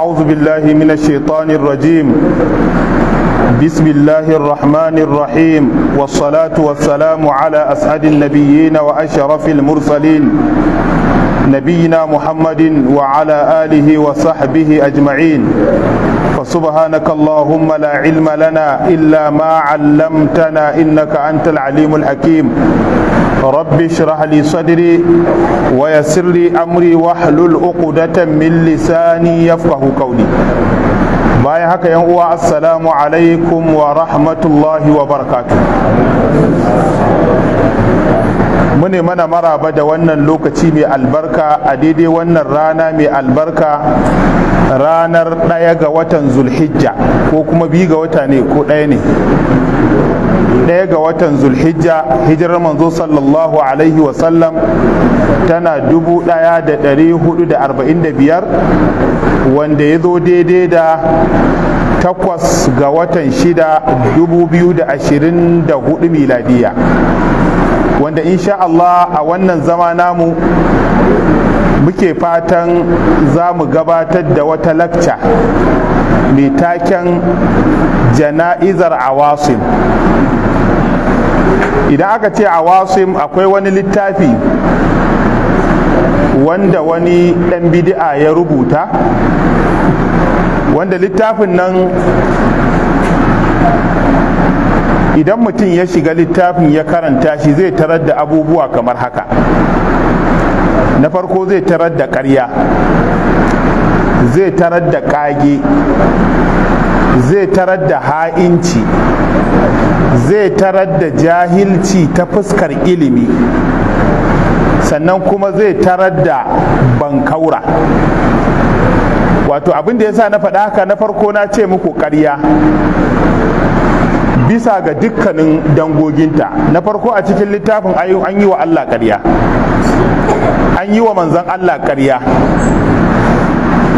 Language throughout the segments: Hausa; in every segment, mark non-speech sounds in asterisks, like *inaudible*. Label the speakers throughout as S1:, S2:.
S1: أعوذ بالله من الشيطان الرجيم بسم الله الرحمن الرحيم والصلاة والسلام على أسعد النبيين وأشرف المرسلين نبينا محمد وعلى آله وصحبه أجمعين فسبحانك اللهم لا علم لنا إلا ما علمتنا إنك أنت العليم الحكيم رب اشرح لي صدري ويسر لي أمري واحلل عقدة من لساني يفقه قولي bayan haka yan uwa assalamu alaikum wa rahmatullahi wa barakatuh mune mana maraba da wannan lokaci mai albarka a daidai wannan rana mai albarka ranar ɗaya ga watan zulhijja ko kuma biyu ga wata ne ko ɗaya ne ɗaya ga watan zulhijja hijirar manzo sallallahu alaihi wasallam tana dubu ɗaya da ɗari hudu da arba'in da biyar wanda ya zo daidai da takwas ga watan shida dubu biyu da ashirin da hudu miladiya wanda insha Allah a wannan zama namu muke fatan za mu gabatar da wata lakca mai taken jana'izar awasim idan aka ce a awasim akwai wani littafi wanda wani ɗan bidi'a ya rubuta wanda littafin nan idan mutum ya shiga littafin ya karanta shi zai tarar da abubuwa kamar haka na farko zai tarar da ƙarya zai tarar da ƙage zai tarar da ha'inci zai tarar da jahilci ta fuskar ilimi sannan kuma zai tarar da bankaura wato abin da ya sa na faɗa haka na farko na ce muku ƙarya bisa ga dukkanin dangoginta na farko a cikin littafin an yi wa Allah ƙarya an yi wa manzan Allah ƙarya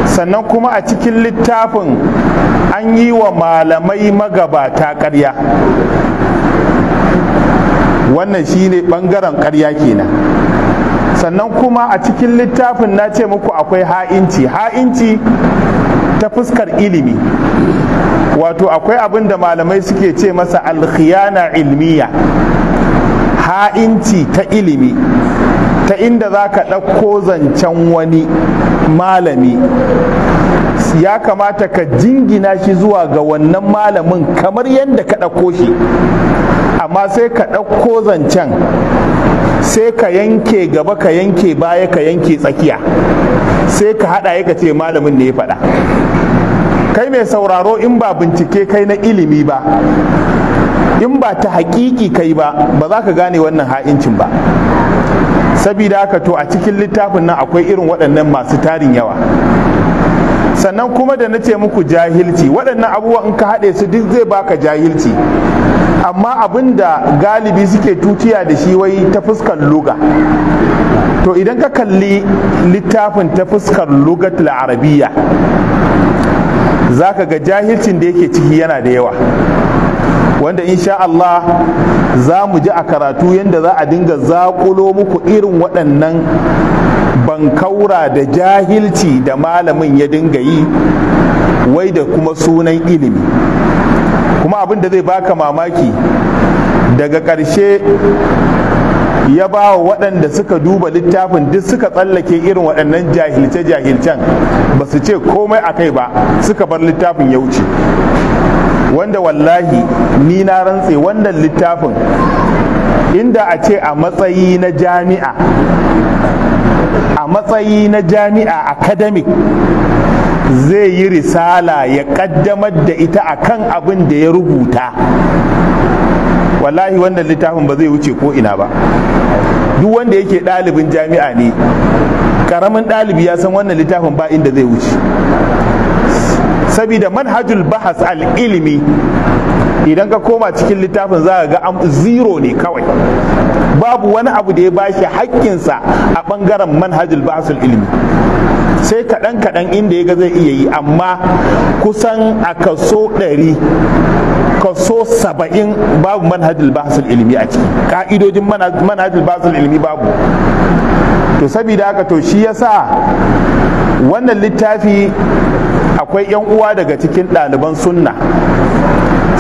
S1: sannan kuma a cikin littafin an yi wa malamai magabata ƙarya wannan shine ɓangaren ƙarya kenan sannan kuma a cikin littafin na ce muku akwai ha'inci ha'inci ta fuskar ilimi wato akwai abin da malamai suke ce masa alkhiyana ilmiya ha'inci ta ilimi ta inda za ka ɗauko zancen wani malami ya kamata ka jingina shi zuwa ga wannan malamin kamar yadda ka ɗauko shi amma sai ka ɗauko zancen sai ka yanke gaba ka yanke baya ka yanke tsakiya sai ka haɗa ya ka ce malamin ne ya faɗa kai mai sauraro in ba bincike kai na ilimi ba in ba ta hakiki kai ba ba za ka gane wannan ha'incin ba sabida haka to a cikin littafin nan akwai irin waɗannan masu tarin yawa sannan kuma da na ce muku jahilci waɗannan abubuwa in ka haɗe su duk zai baka jahilci amma abin da galibi suke tutiya da shi wai ta fuskar luga to idan ka kalli littafin ta fuskar lugat la'arabiya. za ka ga jahilcin da yake ciki yana da yawa wanda insha Allah za mu ji a karatu yadda za a dinga zaƙulo muku irin waɗannan bankaura da jahilci da malamin ya dinga yi wai da kuma sunan ilimi kuma abin da zai baka mamaki daga ƙarshe ya ba wa waɗanda suka duba littafin duk suka tsallake irin waɗannan jahilce-jahilcen ba su ce komai a kai ba suka bar littafin ya wuce wanda wallahi ni na rantse wannan littafin inda a ce a matsayi na jami'a a matsayi na jami'a academic zai yi risala ya kaddamar da ita akan abin da ya rubuta wallahi wannan littafin ba zai wuce ko ina ba duk wanda yake ɗalibin jami'a ne karamin ɗalibi ya san wannan littafin ba inda zai wuce sabida manhajul bahas al-ilimi idan ka koma cikin littafin za ga zero ne kawai babu wani abu da ya bashi haƙƙinsa a ɓangaren manhajul al ilimi sai kaɗan kaɗan inda ya ga zai iya yi amma kusan a kaso ɗari kaso saba'in babu manhajul basul ilimi a ciki ka'idojin manhajul basul ilimi babu to saboda haka to shi yasa wannan littafi akwai 'yan uwa daga cikin ɗaliban sunna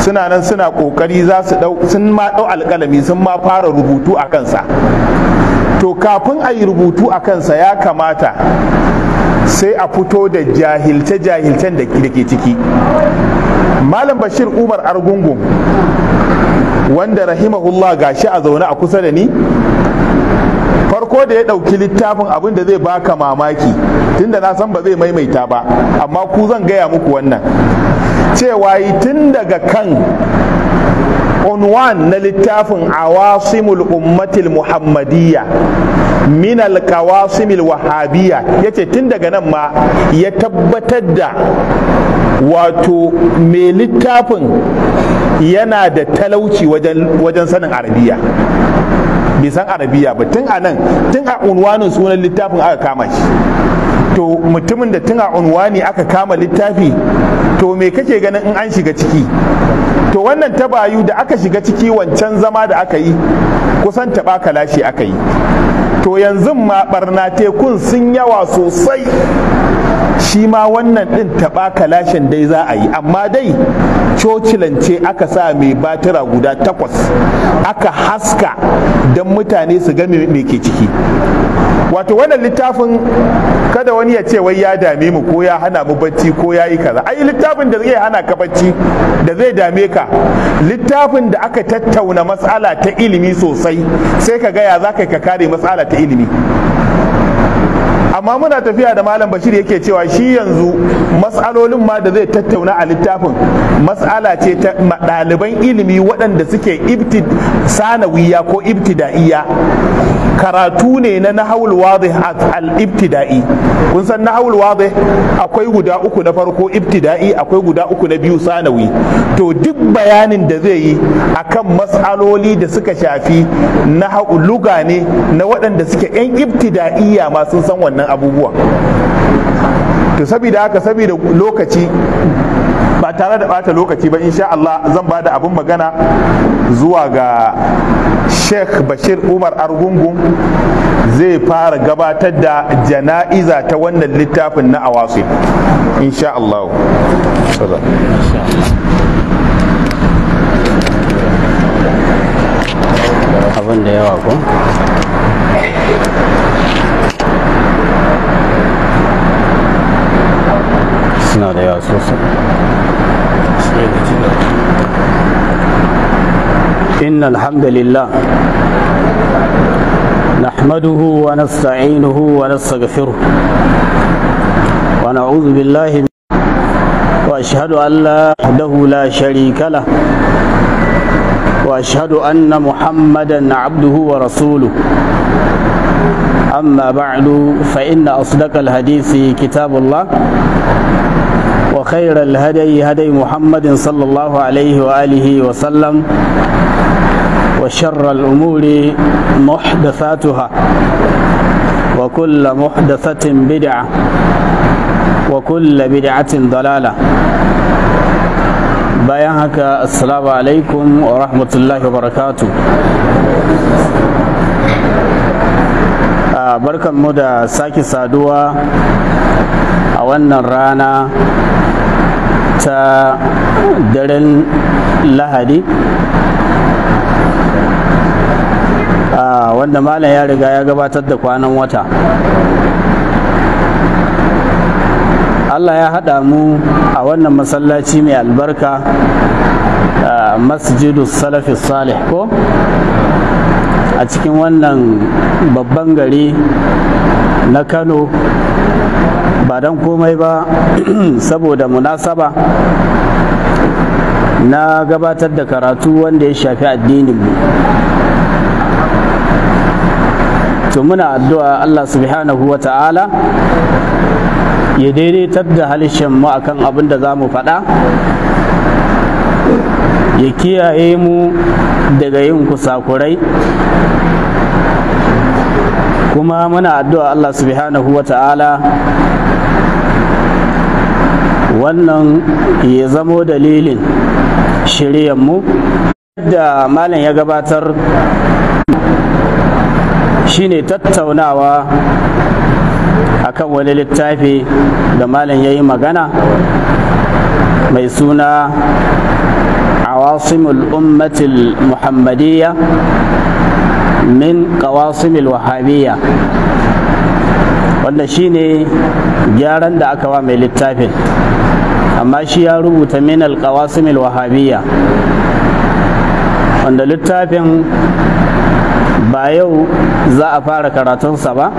S1: suna nan suna kokari za su dau sun ma ɗau alkalami sun ma fara rubutu a kansa to kafin a yi rubutu a kansa ya kamata sai a fito da jahilce-jahilcen da ke ciki malam bashir umar Argungu, wanda rahimahullah gashi a zaune a kusa da ni farko da ya ɗauki littafin abin da zai baka mamaki tunda na san ba zai maimaita ba amma ku zan gaya muku wannan cewa yi tun daga kan unwan na littafin awasimul ummatil muhammadiyya min alkawasimil wahabiya yace tun daga nan ma ya tabbatar da wato mai littafin yana da talauci wajen sanin arabiya bai san arabiya ba tun a nan tun a unwanin sunan littafin aka kama shi to mutumin da tun a unwani aka kama littafi to me kake ganin in an shiga ciki to wannan tabayu da aka shiga ciki wancan zama da aka yi kusan taɓa kalashi aka yi to yanzu ma barna tekun sun yawa sosai shi ma wannan ɗin taɓa kalashin dai za a yi amma dai cocilance aka sa mai batira guda takwas aka haska don mutane su ga me ke ciki wato wannan littafin kada wani ya ce wai ya dame mu ko ya hana mu bacci ko ya yi kaza ai littafin da zai hana ka bacci da zai dame ka littafin da aka tattauna matsala ta ilimi sosai sai ka gaya za ka kare matsala ta ilimi amma muna tafiya da malam bashir yake cewa shi yanzu matsalolin ma da zai tattauna a littafin matsala ce ta ɗaliban ilimi waɗanda suke ibtid sanawiya ko ibtida'iya karatu ne na nahawul wadih al ibtida'i kun san nahawul wadih akwai guda uku na farko ibtida'i akwai guda uku na biyu sanawi to duk bayanin da zai yi akan matsaloli da suka shafi na luga ne na waɗanda suke yan ibtida'iya ma sun san wannan waɗannan abubuwan to saboda haka saboda lokaci ba tare da bata lokaci ba insha Allah zan ba da abin magana zuwa ga Sheikh Bashir Umar Argungun zai fara gabatar da jana'iza ta wannan littafin na awasi insha Allah
S2: abin da yawa ko suna da yawa sosai inna alhamdulillah نحمده ونستعينه ونستغفره ونعوذ بالله من وأشهد أن لا وحده لا شريك له وأشهد أن محمدا عبده ورسوله أما بعد فإن أصدق الحديث كتاب الله وخير الهدي هدي محمد صلى الله عليه وآله وسلم وشر الأمور محدثاتها وكل محدثة بدعة وكل بدعة ضلالة bayan haka assalamu alaikum wa rahmatullahi wa mu da sake saduwa a wannan rana ta daren lahadi ah, wanda malam ya riga ya gabatar da kwanan wata allah ya hada mu a wannan masallaci mai albarka ah, masjidu salafi salih ko a cikin wannan babban gari na kano ba don komai ba *clears throat* saboda munasaba na gabatar da karatu wanda ya shafi addinin mu to muna addu'a Allah subhanahu wa ta'ala ya daidaitar da halishin mu akan abin da za mu faɗa ya kiyaye mu daga yin kusakurai kuma muna addu'a Allah subhanahu wa ta'ala wannan ya zamo dalilin mu da malam ya gabatar shine tattaunawa akan wani littafi da malam ya yi magana mai suna awasimul ummatil muhammadiyya min kawasimil wahabiyya wanda shine gyaran da aka wa mai littafin amma shi ya rubuta min alƙawasim wahabiyya wanda littafin ba yau za a fara karatunsa ba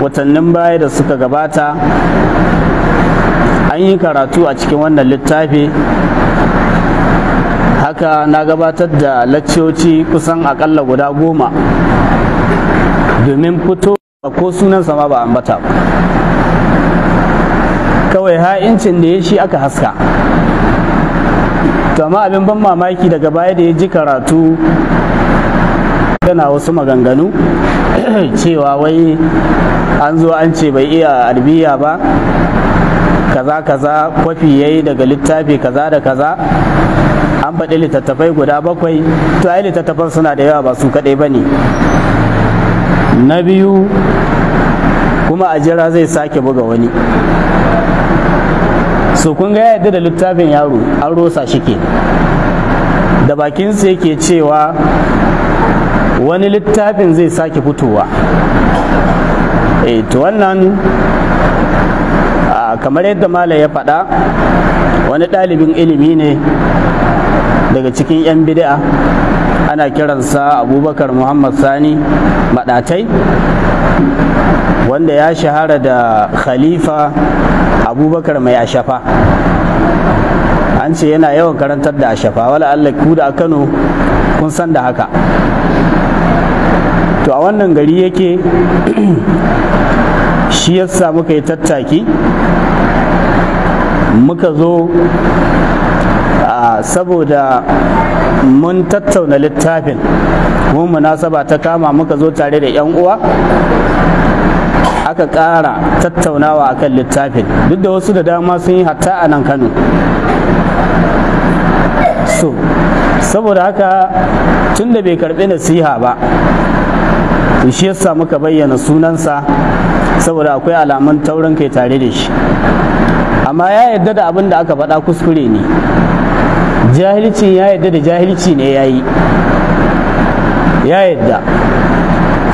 S2: watannin baya da suka gabata an yi karatu a cikin wannan littafi haka na gabatar da laccoci kusan akalla guda goma domin fito ko sunansa ma ba ambata ba kawai ha'incin da ya shi aka haska to amma abin ban mamaki daga baya da ya ji karatu yana wasu maganganu *clears throat* cewa wai an zo an ce bai iya arbiya ba kaza kaza kwafi ya yi daga littafi kaza da kaza an faɗi littattafai guda bakwai to ai littattafan suna da yawa ba su kaɗai ba ne na biyu kuma a jira zai sake buga wani so kun ga yadda da littafin yaro an rosa shi ke da bakin bakinsa yake cewa wani littafin zai sake fitowa eh, to wannan ah, kamar yadda malam ya faɗa wani ɗalibin ilimi ne daga cikin 'yan bid'a ana kiransa abubakar muhammad sani maɗatai wanda ya shahara da khalifa abubakar mai ashafa an ce yana yawan karantar da ashafa wala allah ku da kano kun san da haka to a wannan gari yake *clears throat* shi sa muka yi tattaki muka zo saboda mun tattauna littafin mun munasaba ta kama muka zo tare da 'yan uwa aka ƙara tattaunawa a kan littafin duk da wasu da dama sun yi hatta a nan kano so saboda haka tun da bai karɓi nasiha ba to shi yasa muka bayyana sunansa saboda akwai alamun taurin kai tare da shi amma ya yarda da abin da aka faɗa kuskure ne jahilcin ya yadda da jahilci ne ya yi ya yadda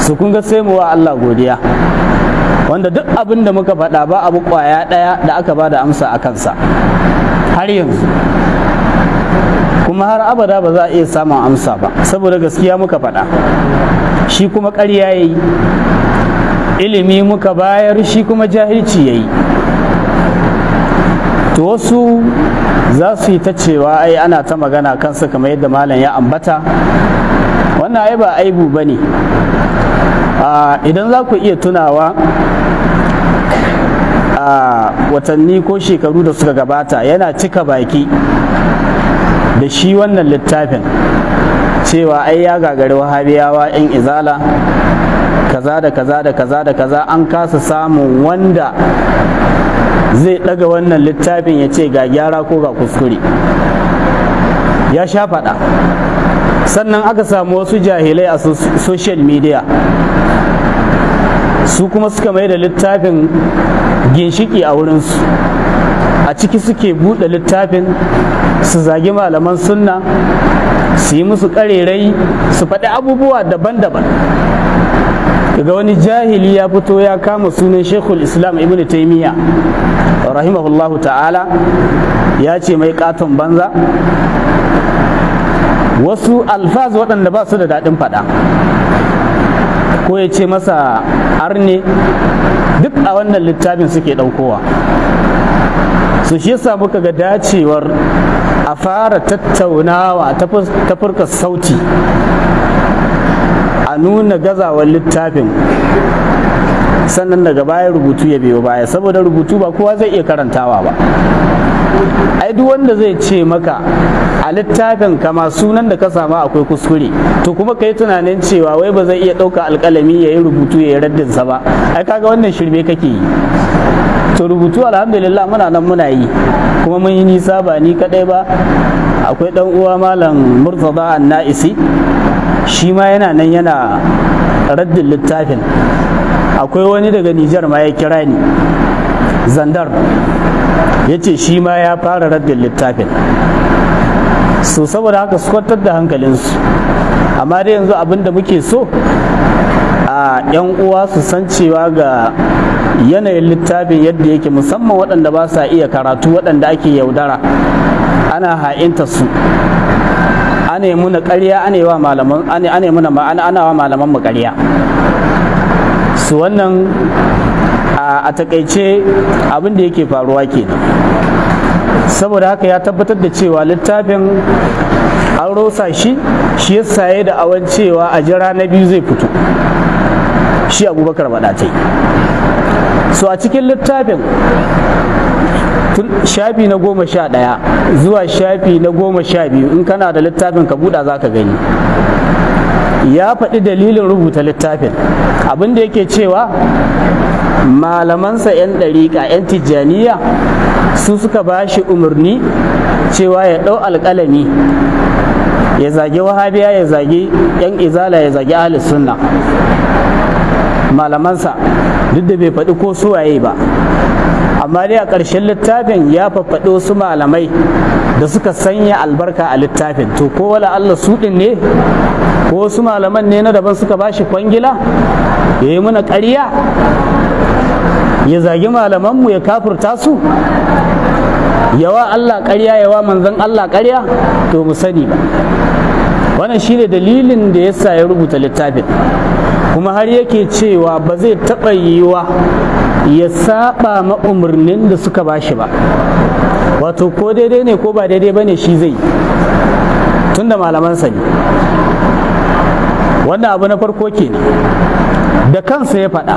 S2: su kun ga sai mu wa Allah godiya wanda duk abin da muka faɗa ba abu ƙwaya ɗaya da aka ba da amsa a kansa har yanzu kuma har abada ba za a iya samun amsa ba saboda gaskiya muka faɗa shi kuma ƙarya ya yi ilimi muka bayar shi kuma jahilci ya yi to wasu za su yi ta cewa ai ana ta magana kansa kamar yadda malam ya ambata wannan ai ba aibu ba ne ah, idan za ku iya tunawa a watanni ko shekaru da suka gabata yana cika baki da shi wannan littafin cewa ai ya gagari wahabiyawa 'yan izala kaza da kaza da kaza da kaza an kasa samun wanda zai daga wannan littafin ya ce ga gyara ko ga kuskure ya sha faɗa sannan aka samu wasu jahilai a social media su kuma suka mai da littafin ginshiki a wurinsu a ciki suke buɗe littafin su zagi malaman sunna su yi musu ƙarerai su faɗi abubuwa daban-daban daga wani jahili ya fito ya kama sunan shekul islam ibn taimiyya rahimahullahu ta'ala ya ce mai katon banza wasu alfaz waɗanda ba su da daɗin faɗa ko ya ce masa arne duk a wannan littafin suke ɗaukowa su shi yasa muka ga dacewar a fara tattaunawa ta furka sauti a nuna gazawar littafin sannan daga baya rubutu ya biyo baya saboda rubutu ba kowa zai iya karantawa ba ai duk wanda zai ce maka a littafin kama sunan da ka samu akwai kuskure to kuma kai tunanin cewa wai ba zai iya ɗauka alkalami ya yi rubutu ya yi raddin sa ba ai kaga wannan shirme kake yi to rubutu alhamdulillah muna nan muna yi kuma mun yi nisa ba ni kaɗai ba akwai ɗan uwa malam murtaza na'isi shi ma yana nan yana raddin littafin akwai wani daga nijar ma ya kira ni zandar ya ce shi ma ya fara raddin littafin so saboda haka su kwantar da hankalinsu amma dai yanzu abin da muke so a 'yan uwa su san cewa ga yanayin littafin yadda yake musamman waɗanda ba sa iya karatu waɗanda ake yaudara ana ha'inta su ana yi muna ƙarya ana yi wa malaman mu ƙarya su wannan a takaice abin da yake faruwa kenan saboda haka ya tabbatar da cewa littafin an rosa shi shi ya saye da awan cewa a jira na biyu zai fito shi abubakar baɗatai so a cikin littafin shafi na goma sha ɗaya zuwa shafi na goma sha biyu in kana da littafin ka buɗa za ka gani ya faɗi dalilin rubuta littafin abinda da yake cewa malamansa 'yan ɗariƙa 'yan tijjaniya su suka ba shi umarni cewa ya ɗau alƙalami ya zagi wahabiya ya zagi 'yan izala ya zagi alisunna sunna malamansa duk da bai faɗi ko suwaye ba amma dai a ƙarshen littafin ya faffaɗo su malamai da suka sanya albarka a littafin to ko wala Allah su ɗin ne ko wasu malaman ne na daban suka bashi kwangila ya yi muna ƙarya ya zagi malamanmu ya kafurta su yawa Allah ƙarya yawa manzan Allah ƙarya to mu sani ba wannan shine dalilin da ya sa ya rubuta littafin kuma har yake cewa ba zai taɓa yiwuwa ya saba ma'umarnin da suka bashi ba wato ko daidai ne ko ba daidai ba ne shi zai tunda malamansa ne wannan abu na farko kenan da kansa ya faɗa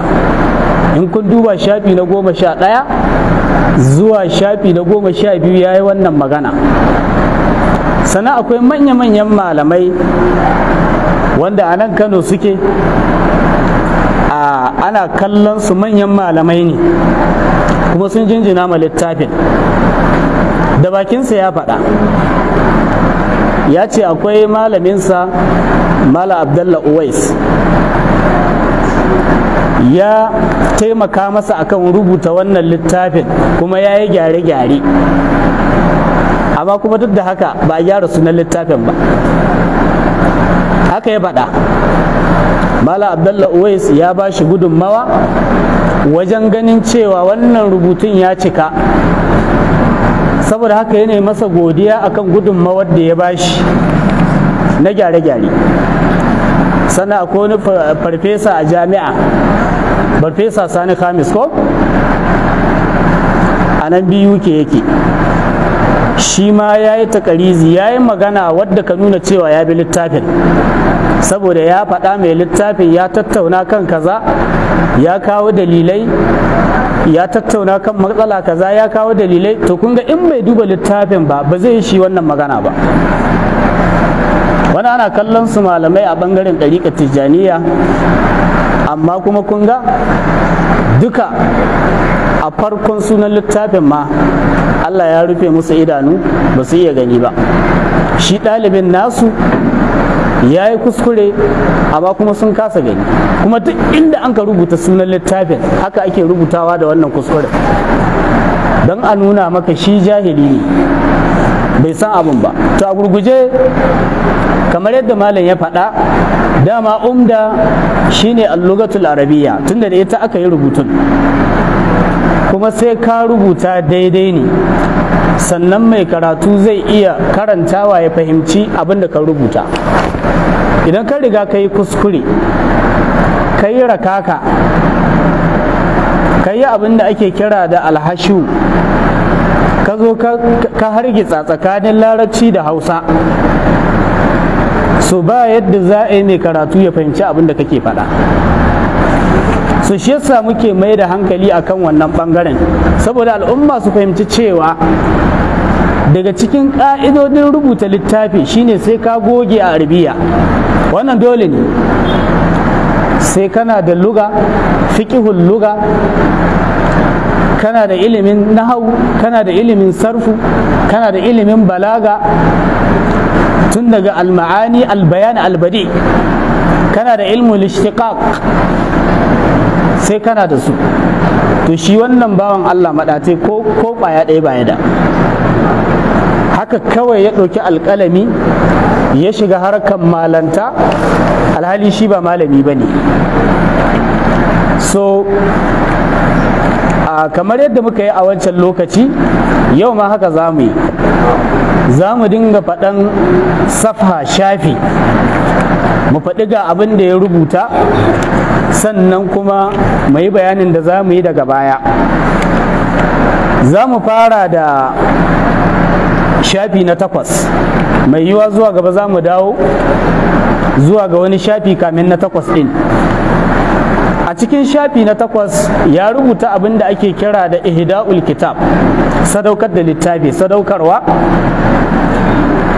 S2: in kun duba shafi na goma sha ɗaya zuwa shafi na goma sha biyu ya yi wannan magana sannan akwai manya-manyan malamai wanda a nan kano suke ana kallon su manyan malamai ne kuma sun jinjina ma littafin da bakinsa ya faɗa ya ce akwai malaminsa mala abdallah uwais ya taimaka masa akan rubuta wannan littafin kuma ya yi gyare-gyare amma kuma duk da haka ba a gyara sunan littafin ba haka ya faɗa mala abdallah uwais ya ba shi gudunmawa wajen ganin cewa wannan rubutun ya cika saboda haka yana masa godiya akan gudunmawar da ya bashi na gyare-gyare sannan akwai wani farfesa a jami'a farfesa sani kamis ko a nan biyu ke yake shi ma ya yi takarizi ya yi magana wadda ka nuna cewa ya bi littafin saboda ya faɗa mai littafin ya tattauna kan kaza ya kawo dalilai ya tattauna kan matsala kaza ya kawo dalilai to kun ga in bai duba littafin ba ba zai shi wannan magana ba wani ana kallon su malamai a bangaren ɗariƙa tijjaniya amma kuma kun ga duka a farkon sunan littafin ma Allah ya rufe musu idanu ba su iya gani ba shi ɗalibin nasu ya yi kuskure amma kuma sun kasa gani kuma duk inda an ka rubuta sunan littafin haka ake rubutawa da wannan kuskure don a nuna maka shi jahili ne bai san abin ba to a gurguje kamar yadda malam ya faɗa dama umda shine allugatul arabiya tunda da ita aka yi rubutun kuma sai ka rubuta daidai ne sannan mai karatu zai iya karantawa ya fahimci abin da ka rubuta idan ka riga ka yi kuskure ka yi rakaka ka yi abin da ake kira da alhashu ka zo ka hargitsa tsakanin larabci da hausa so ba yadda za a yi mai karatu ya fahimci abin da kake faɗa su shi yasa muke mai da hankali akan wannan ɓangaren saboda al'umma su fahimci cewa daga cikin ƙa'idodin rubuta littafi shine sai ka goge a arabiya wannan dole ne sai kana da luga fiƙihun luga kana da ilimin nahau kana da ilimin sarfu kana da ilimin balaga tun daga alma'ani albayan albadi kana da ilmu ishtiqaq sai kana da su to shi wannan bawan Allah maɗate ko ko ɗaya baya da haka kawai ya ɗauki alƙalami ya shiga harkar malanta alhali shi ba malami ba ne so kamar yadda muka yi a wancan lokaci yau ma haka za mu yi za mu dinga faɗan safa shafi mu faɗi ga abin da ya rubuta sannan kuma mu yi bayanin da za mu yi daga baya za mu fara da shafi na takwas mai yiwa zuwa gaba za mu dawo zuwa ga wani shafi kamin na takwas ɗin a cikin shafi na takwas ya rubuta abin da ake kira da ihda'ul kitab sadaukar da littafi sadaukarwa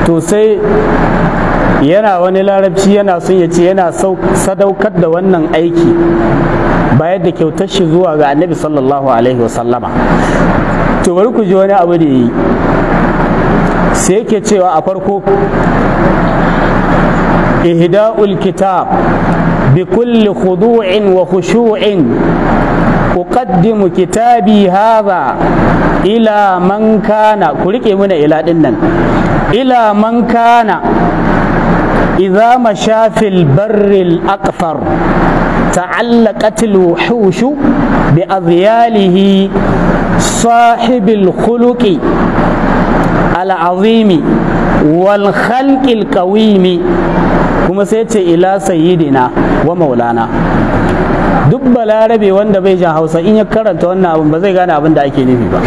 S2: to sai yana wani larabci yana son ya ce yana sadaukar da wannan aiki bayar da kyautar shi zuwa ga annabi sallallahu alaihi wasallama to bari ku ji wani abu da ya yi sai yake cewa a farko ihda'ul kitab bi kulli khudu'in wa khushu'in uqaddimu kitabi hadha ila man kana ku rike muna ila din nan ila man kana idza mashafil barril aqfar تعلقت bi بأذياله sahibil الخلق al'azimi wal ƙawimi kuma sai ce ila sayidina wa maulana duk balarabe wanda bai jan hausa in ya karanta wannan abin ba zai gane abin da ake nufi ba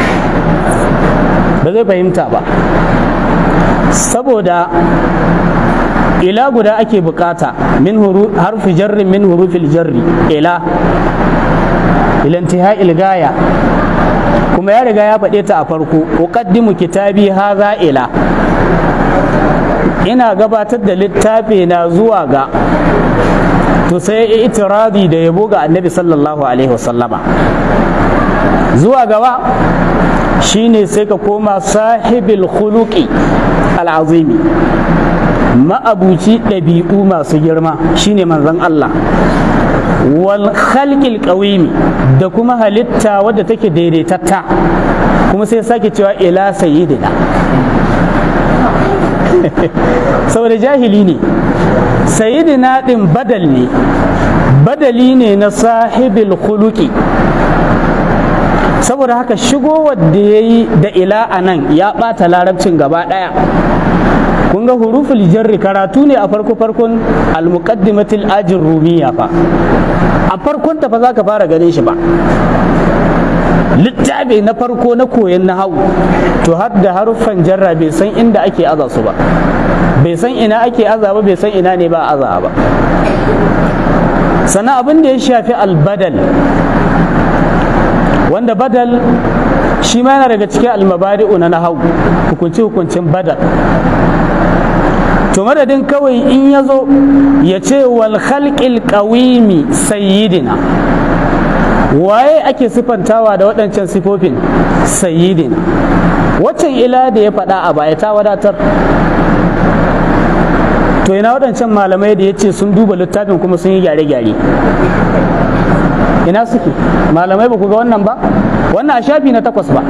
S2: ba zai fahimta ba saboda ila guda ake bukata min harfi jarrin min hurufil jarri ila ilantihai ilgaya kuma ya riga ya faɗe ta a farko uqaddimu kitabi haza ila ina gabatar da littafi na zuwa ga to sai itiradi da yabo ga annabi sallallahu alaihi wasallama zuwa gaba shine sai ka koma sahibul khuluqi al-azimi ma'abuci ɗabi'u masu girma shine manzon Allah wal khalqil qawimi da kuma halitta wadda take daidaitatta kuma sai sake cewa ila sayyidina *laughs* saboda jahili ne sayyidina din badal ne badali ne na sahibil khuluqi saboda haka shigo wadda ya yi da ila a nan ya ɓata larabcin gaba ɗaya kun ga huruful jarri karatu ne a farko farkon al-muqaddimatil ajin rumiya fa a farkon ta fa zaka fara ganin shi ba littafi na farko na koyon nahawu to har da haruffan jarra bai san inda ake aza su ba bai san ina ake aza ba bai san ina ne ba aza ba sana abin da ya shafi albadal wanda badal shi ma yana daga cikin almabari'u na nahawu hukunci hukuncin badal to madadin kawai in ya zo ya ce wal khalqil qawimi sayyidina waye ake sifantawa da waɗancan sifofin sayyidina waccan ila da ya faɗa a baya ta wadatar to ina waɗancan malamai da ya ce sun duba littafin kuma sun yi gyare-gyare ina suke malamai ba ku ga wannan ba wannan a shafi na takwas ba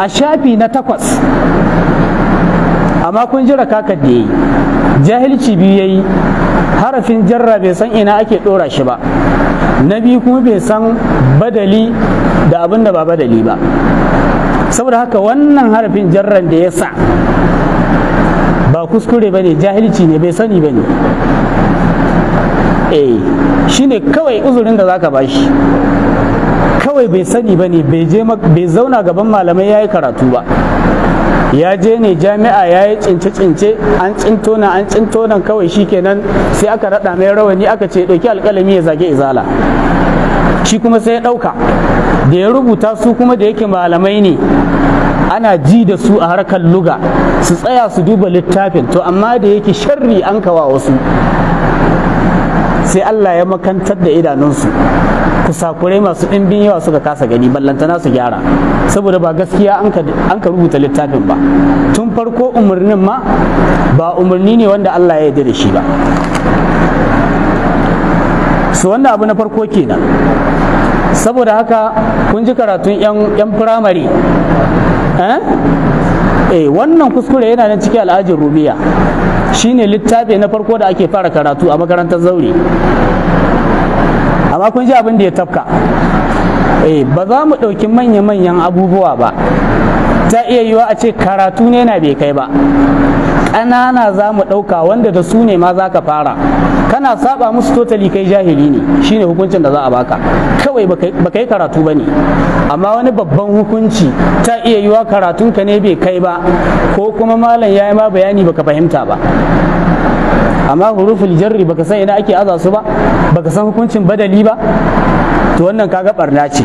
S2: a shafi na takwas amma kun jira kakar da yayi jahilci biyu yayi harafin jarra bai san ina ake dora shi ba na biyu kuma bai san badali da abin da ba badali ba saboda haka wannan harafin jarran da ya sa ba kuskure ba ne jahilci ne bai sani ba ne eh shi ne kawai uzurin da zaka bashi kawai bai sani ba ne bai zauna gaban malamai ya yi karatu ba ya je ne jami'a ya yi cince-cince an tsintona an kawai shikenan sai aka raɗa mai rawani aka ce ɗauki alkalami ya zage izala shi kuma sai ya ɗauka da ya rubuta su kuma da yake malamai ne ana ji da su a harkar luga su tsaya su duba littafin to amma da yake sharri an kawa wasu sai Allah ya makantar da idanunsu kusakurai masu ɗimbin yawa suka kasa gani ballantana su gyara saboda ba gaskiya an ka rubuta littafin ba tun farko umarnin ma ba umarni ne wanda Allah ya yarda da shi ba su wanda abu na farko kenan saboda haka kun ji karatun 'yan firamare eh? eh wannan kuskure yana nan cikin al'ajin rubiya shi ne littafi na farko da ake fara karatu a makarantar zaure amma kun ji abin da ya tafka eh ba za mu ɗauki manya-manyan abubuwa ba ta iya yiwa a ce karatu ne na bai kai ba ƙanana za mu ɗauka wanda da su ne ma za ka fara kana saba musu totali kai jahili ne shine hukuncin da za a baka kawai ba kai karatu ba ne amma wani babban hukunci ta iya yiwa karatunka ne bai kai ba ko kuma malam ya yi ma bayani baka fahimta ba amma huruful jarri baka san ina ake aza su ba baka san hukuncin badali ba to wannan kaga barna ce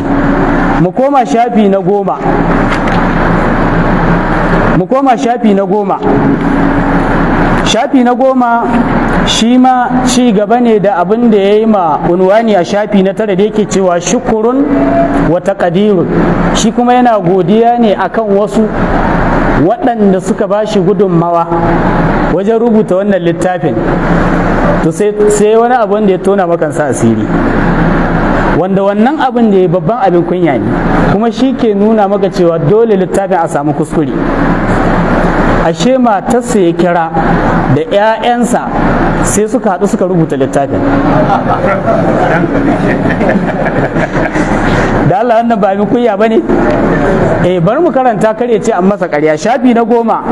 S2: mu koma shafi na goma mu koma shafi na goma shafi na goma shi ma ci gaba ne da abin da ya yi ma unwani a shafi na tara da yake cewa shukurun wata kadiru shi kuma yana godiya ne akan wasu waɗanda suka ba shi gudunmawa wajen rubuta wannan littafin to sai wani abin da ya tona makansa asiri wanda wannan abin da ya babban abin kunya ne kuma shi ke nuna maka cewa dole littafin a samu kuskure ashe matarsa ya kira da 'ya'yansa sai suka haɗu suka rubuta littafin da Allah wannan ba mi kunya ba ne eh bari mu karanta kare ce an masa karya shafi na goma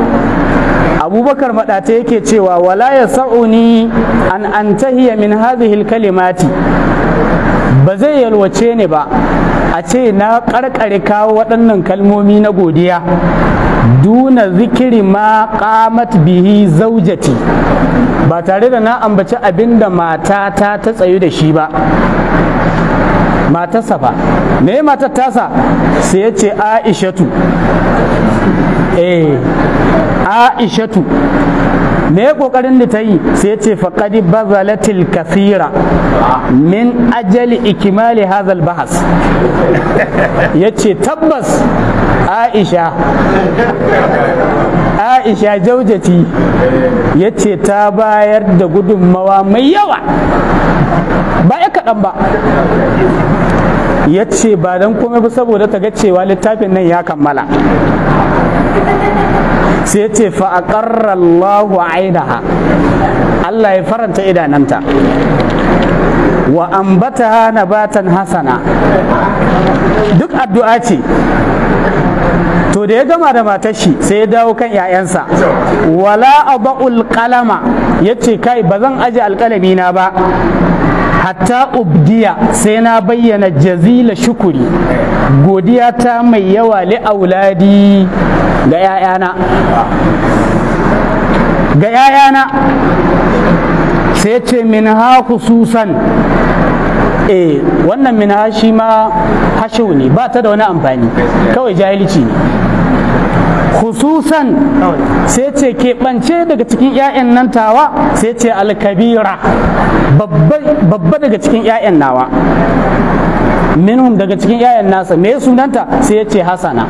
S2: abubakar maɗata yake cewa wala ya sa'uni an antahiya min hazihil kalimati ba zai yalwace ne ba a ce na karkare kawo waɗannan kalmomi na godiya duna zikiri ma ƙamat bihi zaujati ba tare da na ambaci abinda mata matata ta tsayu da shi ba matarsa fa ne matar tasa sai ya ce aishatu eh aishatu me ya kokarin da ta yi sai ya ce faqad bazalatil kasira min ajali ikimali hazal bahas *laughs* ya ce tabbas aisha aisha jaujati ya ce ta bayar da gudunmawa mai yawa ba ya kaɗan ba ya ce ba don komai ba saboda ta ga cewa littafin nan ya kammala sai ya ce fa aqarra Allahu Allah ya faranta idananta wa ambataha nabatan hasana duk addu'a ce to da ya gama da matar shi sai ya dawo kan 'ya'yansa wala aba'ul qalama yace kai ba zan aje alƙalami na ba hatta ubdiya sai na bayyana jazila shukuri godiya ta mai yawa li auladi ga 'ya'yana ga 'ya'yana sai ce min ha susan eh wannan min ha shi ma hashewu ne ba ta da wani amfani kawai jahilci ne khususan sai ce keɓance daga cikin 'ya'yan nan tawa sai ce alkabira babba daga cikin 'ya'yan nawa minhum daga cikin 'ya'yan nasa me sunanta sai ce hasana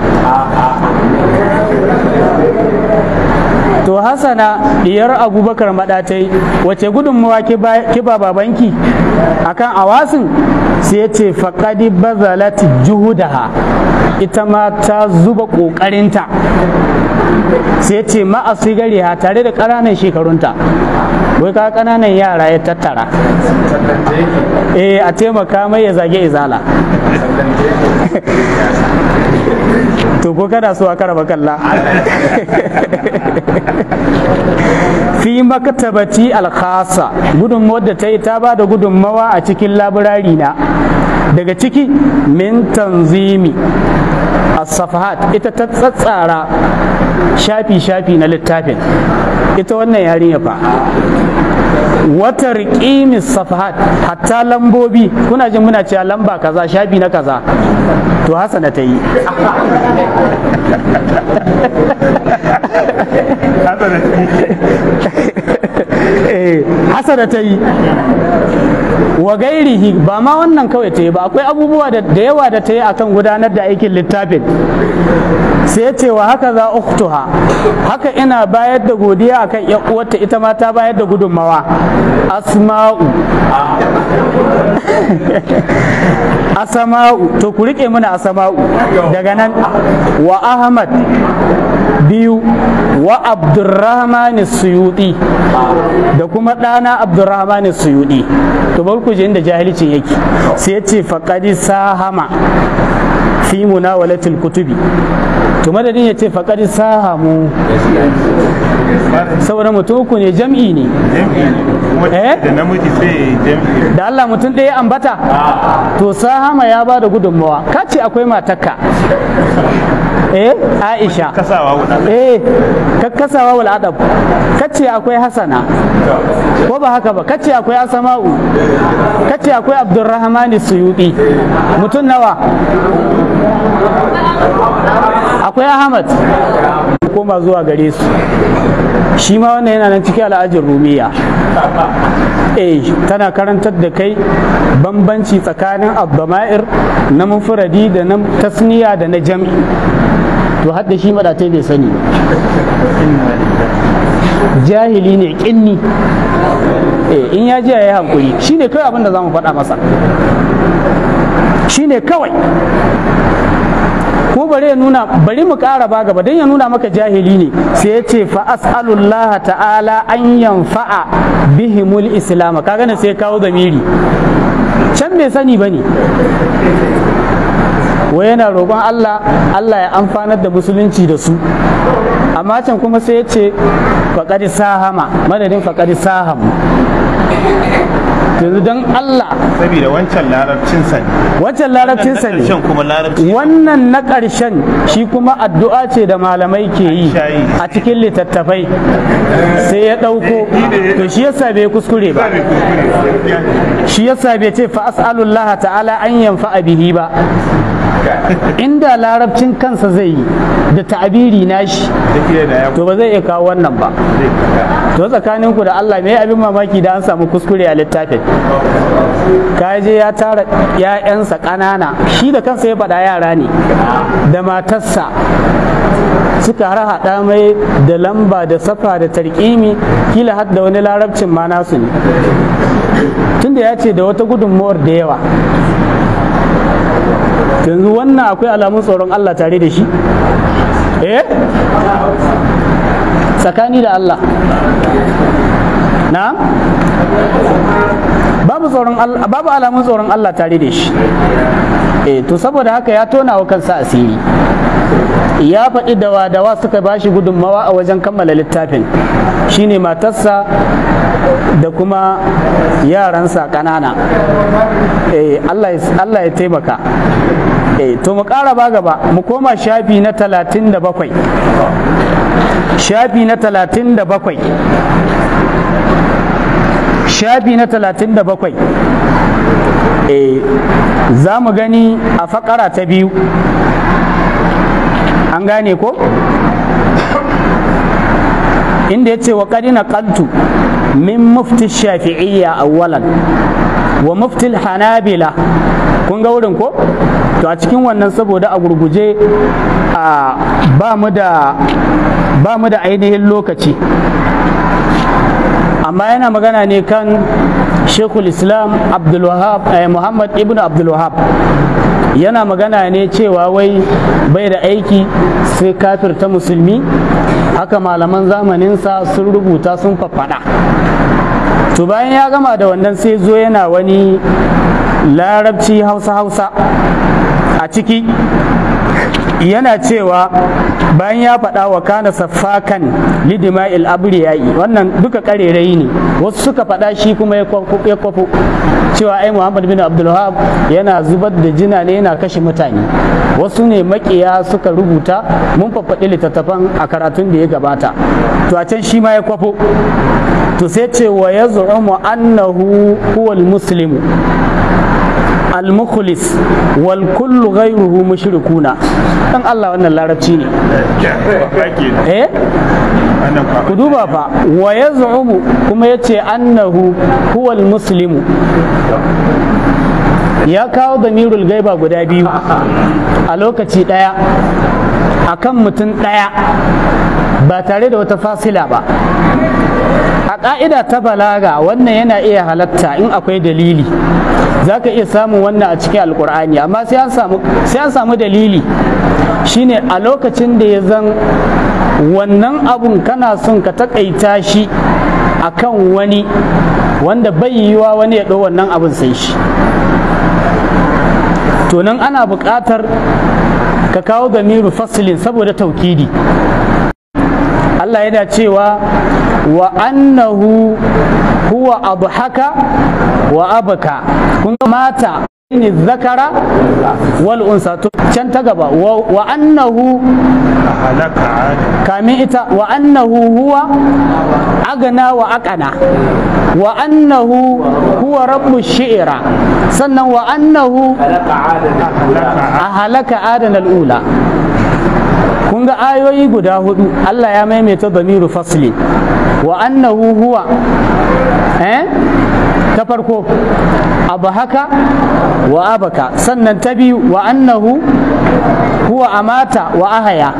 S2: to hasana diyar abubakar madatai wace gudunmuwa ba babanki akan awasin sai ce faƙadi bazalati juhudaha ita ma ta zuba ƙoƙarinta sai ce gari ha tare da ƙananan shekarunta wai ka ƙananan yara ya tattara eh a taimaka mai ya zage izala *laughs* to ko kada so a karaba kalla *laughs* fi maktabati alkhasa gudunmawar da ta yi ta ba da gudunmawa a cikin laburari na daga ciki min tanzimi as-safahat ita ta tsatsara shafi-shafi na littafin ita wannan yarinya fa wata riƙimin safahat hatta lambobi kuna jin muna cewa lamba kaza shafi na kaza to hasana ta yi *laughs* hasada ta yi wa gairihi ba ma wannan kawai ta yi ba akwai abubuwa da yawa da ta yi a kan gudanar da aikin littafin sai ce wa haka za uktuha haka ina bayar da godiya a kan uwarta ita ma ta bayar da gudunmawa asma'u asama'u to ku rike mana asama'u daga nan wa ahmad biyu wa abdurrahman suyuti da kuma ɗana abdurrahman suyuti to bar ku inda jahilcin yake sai ya ce faƙadi sahama fi munawalatil kutubi to madadin ya ce faƙadi sahamu saboda mutum uku ne jam'i ne eh? da namiji sai jam'i da Allah mutum ɗaya ambata to sahama ya ba da gudunmawa kace akwai matakka eh aisha eh kakkasawa wal adab kace akwai hasana ko ba haka ba kace akwai asama'u kace akwai abdurrahman suyuti mutun nawa akwai ahmad koma zuwa gare su shi ma wannan yana nan cikin al'ajin rumiya eh tana karantar da kai bambanci tsakanin abdama'ir na mufuradi da na tasniya da na jam'i to har da shi madatai bai sani jahili ne kinni eh, in ya ji yayi hankuri shine kai abin da zamu faɗa masa shine kawai ko bari ya nuna bari mu ƙara ba gaba don ya nuna maka jahili ne sai ya ce fa as'alullah ta'ala an yanfa'a bihimul islam ka gane sai kawo zamiri can bai sani ba ne wai yana roƙon Allah Allah ya amfanar da musulunci da su amma can kuma sai ya ce faƙari sahama madadin faƙari sahama.
S1: yanzu don Allah saboda wancan larabcin sa ne
S2: wancan larabcin sa
S1: ne
S2: wannan na ƙarshen shi kuma addu'a ce da malamai ke yi a cikin littattafai sai ya ɗauko to shi yasa bai kuskure ba shi yasa bai ce fa as'alullaha ta'ala an yanfa bihi ba inda larabcin kansa zai yi da ta'abiri nashi to ba zai iya kawo wannan ba to tsakanin ku da Allah me abin mamaki da an samu kuskure a littafin kaje ya tara ƴaƴansa ƙanana shi da kansa ya faɗa yara ne da matarsa suka har haɗa mai da lamba da safa da tarkimi kila har da wani larabcin ma nasu ne tunda ya ce da wata gudunmuwar da yawa yanzu wannan akwai alamun tsoron Allah tare da shi eh tsakani da Allah na babu tsoron babu alamun tsoron Allah tare da shi eh to saboda haka ya tona wa kansa asiri ya faɗi dawa-dawa suka ba shi gudunmawa a wajen kammala littafin shine matarsa da kuma yaransa ƙanana eh, Allah ya taimaka eh, to mu ƙara ba gaba mu koma shafi na talatin da bakwai shafi na talatin da bakwai shafi na talatin da bakwai eh, za mu gani a fakara ta biyu an gane ko inda ya ce wa ƙadina ƙantu min mufti shafi'iyya awwalan wa mufti hanabila kun ga wurin ko to a cikin wannan saboda a gurguje a ba mu da ainihin lokaci amma yana magana ne kan shekul islam eh, muhammad ibn abdulwahab yana magana ne cewa wai bai da aiki sai kafir ta musulmi haka malaman zamaninsa sun rubuta sun faffada to bayan ya gama da wannan sai zo yana wani larabci hausa-hausa a ciki yana cewa bayan ya faɗa wa kana safakan lidima'il yi wannan duka ƙarerayi ne wasu suka faɗa shi kuma ya kwafo cewa ai muhammad bin abdulwahab yana zubar da jina ne yana kashe mutane wasu ne makiya suka rubuta mun faɗi littattafan a karatun da ya gabata to a can shi ma ya kwafo to sai ce wa ya annahu huwal muslimu al-mukhlis wal kullu ghayruhu mushrikuna dan Allah wannan larabci ne eh ku duba fa wa yaz'umu kuma yace annahu huwal muslimu ya kawo damirul gaiba guda biyu a lokaci daya akan mutum daya ba tare da wata fasila ba a ƙa'ida ta balaga wannan yana iya halatta in akwai dalili za ka iya samun wannan a cikin alkur'ani amma sai an samu dalili shine a lokacin da ya zan wannan abun kana son ka taƙaita shi a kan wani wanda bai yiwa wani ya ɗau wannan abun sai shi to ana buƙatar ka kawo gamiru fasilin saboda taukidi Allah yana cewa wa annahu huwa abhaka wa abaka kun ga mata ni zakara wal unsa to can ta gaba wa annahu kamin ita wa annahu huwa agana wa akana wa annahu huwa rabbu shi'ira sannan wa annahu ahalaka adana al'ula kun ga ayoyi guda hudu Allah ya maimaita damiru fasli wa annahu huwa eh ta farko abu haka wa abaka sannan ta biyu wa annahu huwa amata wa ahaya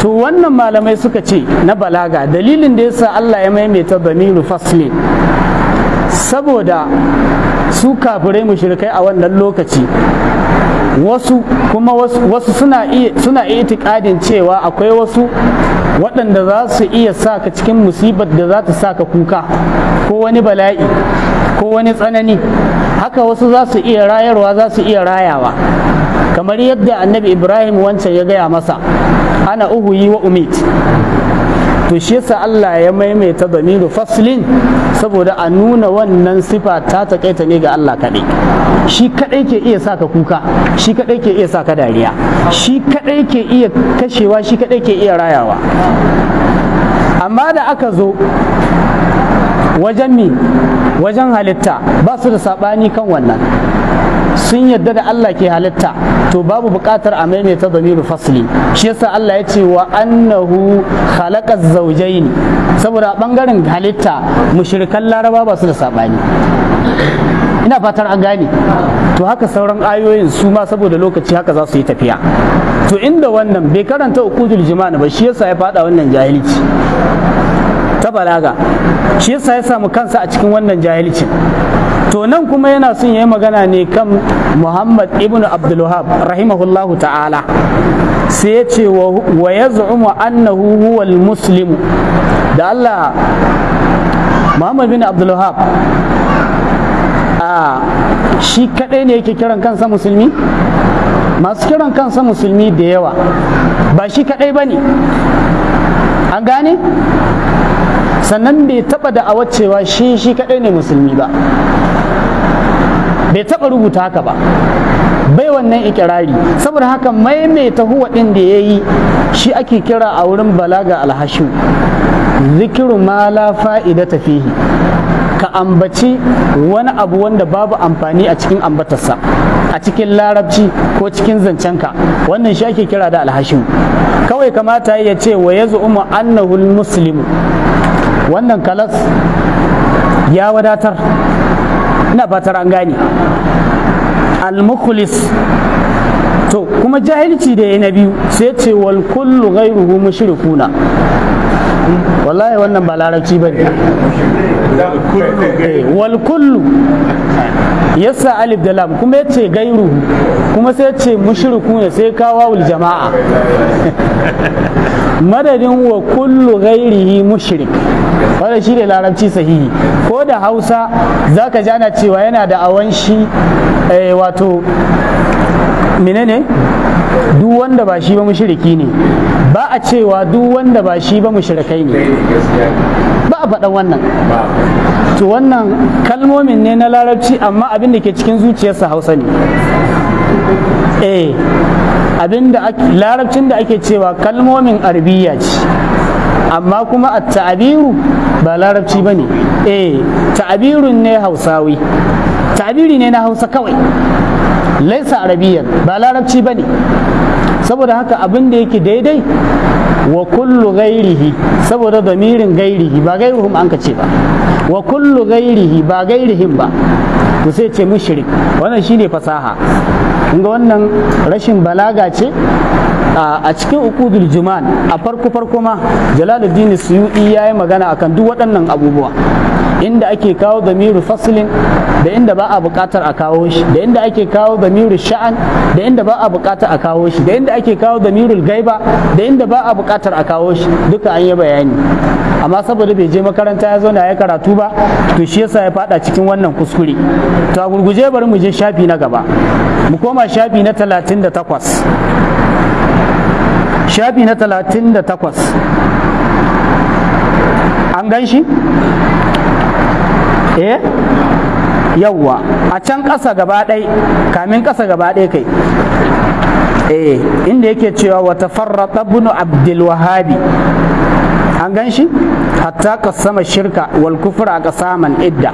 S2: to wannan malamai suka ce na balaga dalilin da yasa Allah ya maimaita damiru fasli saboda su kafirai mushrikai a wannan lokaci wasu kuma wasu suna iya suna itikadin cewa akwai wasu waɗanda za su iya saka cikin musibar da za ta saka kuka ko wani bala'i ko wani tsanani haka wasu za su iya rayarwa za su iya rayawa kamar yadda annabi ibrahim wancan ya gaya masa ana uhuyi wa umit to shi yasa Allah ya maimaita damiru faslin saboda a nuna wannan sifa ta takaita ne ga Allah kaɗai shi kaɗai ke iya saka kuka shi kaɗai ke iya saka dariya shi kaɗai ke iya kashewa shi kaɗai ke iya rayawa amma da aka zo wajen mi wajen halitta ba su da saɓani kan wannan sun yadda da Allah ke halitta to babu buƙatar a maimaita damiru fasli shi yasa Allah ya ce wa annahu khalaqa zawjayn saboda bangaren halitta mushrikan laraba ba su da sabani ina fatar an gane to haka sauran ayoyin su ma saboda lokaci haka za su yi tafiya to inda wannan bai karanta uqudul jima'a ba shi yasa ya faɗa wannan jahilci ta balaga shi yasa ya samu kansa a cikin wannan jahilcin to nan kuma yana son yayi magana ne kan Muhammad ibn Abdul Wahhab rahimahullahu ta'ala sai ya ce wa yaz'umu annahu huwa al-muslim da Allah Muhammad Ibn Abdul Wahhab shi kadai ne yake kiran kansa musulmi masu kiran kansa musulmi da yawa ba shi kadai bane an gane sannan bai taba da cewa shi shi kadai ne musulmi ba bai taɓa rubuta haka ba bai wannan ikirari saboda haka maimaita huwa ɗin da ya yi shi ake kira a wurin balaga alhashu zikiru ma la fa'ida fihi ka ambaci wani abu wanda babu amfani a cikin ambatarsa a cikin larabci ko cikin zancenka wannan shi ake kira da alhashu kawai kamata ya ce wa ya zu'umu annahul muslimu wannan kalas ya wadatar ina fatar an gane al to kuma jahilci da ya na biyu sai ce wal kullu ghairuhu mushrikuna wallahi wannan ba larabci ba ne eh, wal kullu yasa alif da lam kuma ya ce gairu kuma sai ce mushriku ne sai kawo wul jama'a *laughs* madadin wa kullu gairihi mushrik wannan shi ne larabci sahihi ko da hausa zaka ka jana cewa yana da awanshi shi eh, wato menene duk wanda ba shi ba mushiriki ne ba a cewa duk wanda ba shi ba mushirikai ne ba a faɗan wannan to wannan kalmomin ne na larabci amma abin da ke cikin zuciyarsa hausa ne eh abin da larabcin da ake cewa kalmomin arabiya ce amma kuma a ta'abiru ba larabci ba ne eh ta'abirun ne hausawi ta'abiri ne na hausa kawai laisa arabiyan ba larabci bane saboda haka abin da yake daidai wa kullu gairihi saboda damirin gairihi ba gairuhum an ka ce ba wa kullu gairihi ba gairihim ba to sai ce mushrik wannan shine fasaha kunga wannan rashin balaga ce a cikin uqudul juman a farko farko ma jalaluddin ya yayi magana akan duk waɗannan abubuwa inda ake kawo damiru fasilin da inda ba a buƙatar a kawo shi da inda ake kawo damiru sha'an da inda ba a bukatar a kawo shi da inda ake kawo damiru gaiba da inda ba a buƙatar a kawo shi duka an yi bayani amma saboda bai je makaranta ya zo na ya karatu ba to shi yasa ya fada cikin wannan kuskure to a gurguje bari mu je shafi na gaba mu koma shafi na 38 shafi na 38 an gan shi e yawwa a can ƙasa gaba ɗai kamin ƙasa gaba ɗai kai eh, inda yake cewa wata farraɗa bunu abdulwahabi an gan shi hatta kasama shirka wal kufra kasaman idda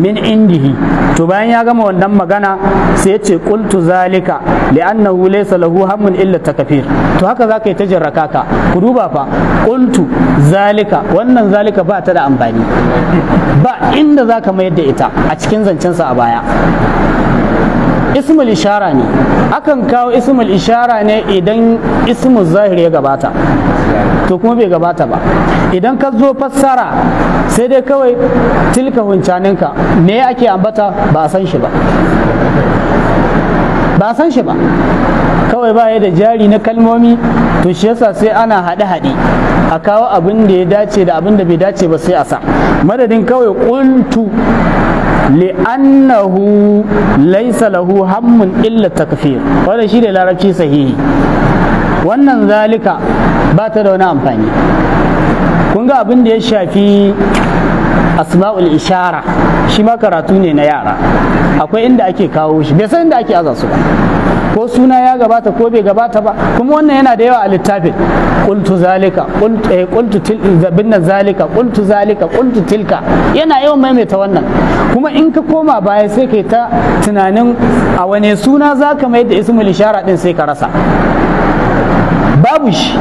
S2: min indihi to bayan ya gama wannan magana sai ya ce qultu zalika li'annahu laysa lahu hammun illa takfir to haka zaka yi ta jarraka ka ku duba fa qultu zalika wannan zalika ba ta da amfani ba inda zaka mayar da ita a cikin zancen sa a baya ismul ishara ne akan kawo ismul ishara ne idan ismul zahiri ya gabata to kuma bai gabata ba idan ka zo fassara sai dai kawai tilka huncaninka me ake ambata ba a san shi ba ba san shi ba kawai ba ya da jari na kalmomi to shi yasa sai ana haɗe-haɗe a kawo abin da ya dace da abin da bai dace ba sai a sa madadin kawai ƙuntu li'annahu laisa lahu hammun illa takfir wanda shi ne larabci sahihi wannan zalika ba ta da wani amfani kun ga abin da ya shafi asma'ul ishara shi ma karatu ne na yara akwai inda ake kawo shi bai san inda ake aza su ba ko suna ya gabata ko bai gabata ba kuma wannan yana da yawa a littafin qultu zalika qultu eh, binna zalika qultu zalika qultu tilka yana yawan maimaita wannan kuma in ka koma baya sai kai ta tunanin a wane suna zaka mai da ismul ishara din sai ka rasa babu shi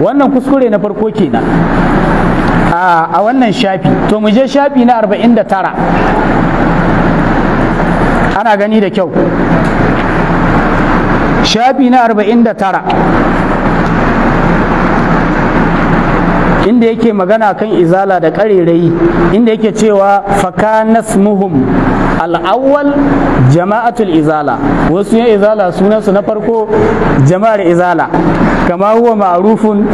S2: wannan kuskure na farko kenan a wannan shafi to mu je shafi na 49 ana gani da kyau shafi na arba'in da tara, inda yake magana kan izala da ƙarerayi inda yake cewa faka nasmuhum al'awwal jama'atul izala wasu ya izala sunansu na farko jama'ar izala kama huwa ma'arufun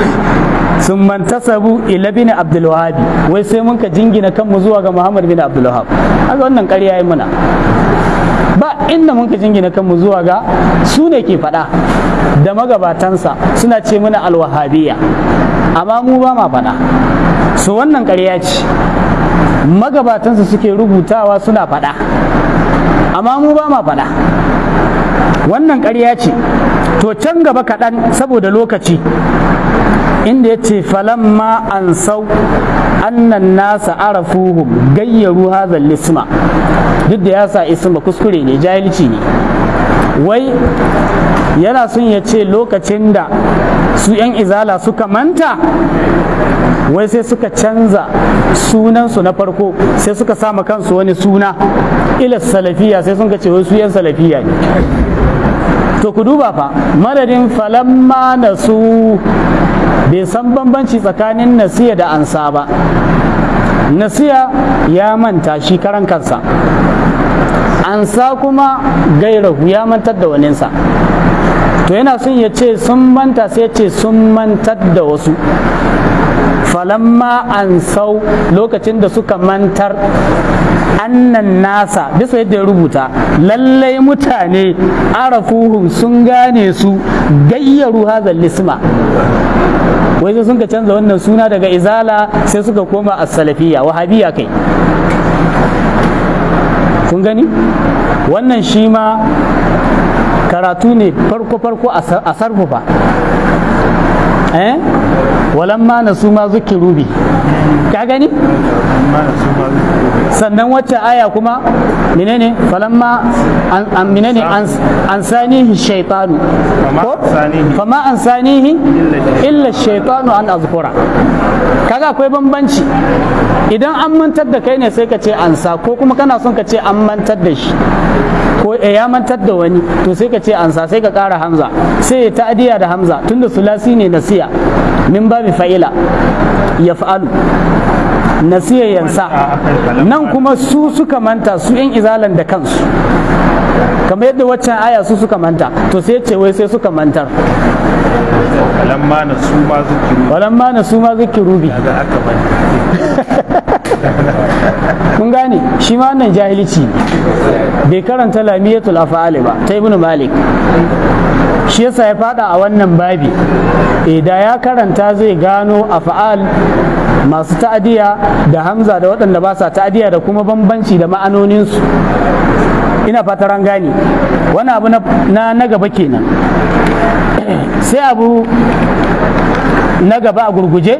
S2: sun mantasabu ila bin abdulwahabi wai sai mun ka jingina kanmu zuwa ga muhammad bin abdulwahab aga wannan ƙarya yi muna ba inda mun ka jingina kanmu zuwa ga su ne ke faɗa da magabatansa suna ce mana alwahabiya amma mu ba ma faɗa su wannan ƙarya ce magabatansa suke rubutawa suna faɗa amma mu ba ma faɗa wannan ƙarya ce to can gaba kaɗan saboda lokaci inda ya ce falamma an sau annan nasa arafuhum gayyaru hadha lisma duk da yasa isma kuskure ne jahilci ne wai yana son ya ce lokacin da su 'yan izala suka manta wai sai suka canza sunansu na farko sai suka sama kansu wani suna ila salafiya sai sun ce wai su 'yan salafiya ne to ku duba fa madadin falamma na su bai san bambanci tsakanin nasiya da ansa ba nasiya ya manta shi karan kansa ansa kuma gairahu ya mantar da waninsa to yana son ya ce sun manta sai ce sun mantar da wasu falamma an lokacin da suka mantar annan nasa bisa yadda ya rubuta lallai mutane arafuhun sun gane su gayyaru hazal lisma wai sun ka canza wannan suna daga izala sai suka koma a salafiya wahabiya kai kun gani wannan shi ma karatu ne farko-farko a sarfufa eh na su ma zukiru bi ka gani sannan wacce aya kuma menene ma an menene an sanihi shaytanu ko fama an sanihi illa shaytanu an azkura kaga akwai bambanci idan an mantar da kai ne sai ka ce ansa ko kuma kana son ka ce an mantar da shi ko eh, ya mantar da wani to sai ka ce ansa sai ka ƙara hamza sai ya ta'adiya da hamza tunda sulasi ne nasiya min babi fa'ila ya fa'alu nasiya yansa nan kuma su suka manta su yan izalan da kansu kamar yadda waccan aya su suka manta to sai ce wai sai suka mantar walan ma na su ma zikiru bi *laughs* kun gane shi ma wannan jahilci bai karanta lamiyatul afa'ali ba ta ibnu malik shi yasa ya fada a wannan babi eh, da ya karanta zai gano a fa’al masu ta'adiya da hamza da waɗanda ba sa ta'adiya da kuma bambanci da ma'anoninsu ina fatar an gani wani abu na na gaba kenan sai abu na gaba a gurguje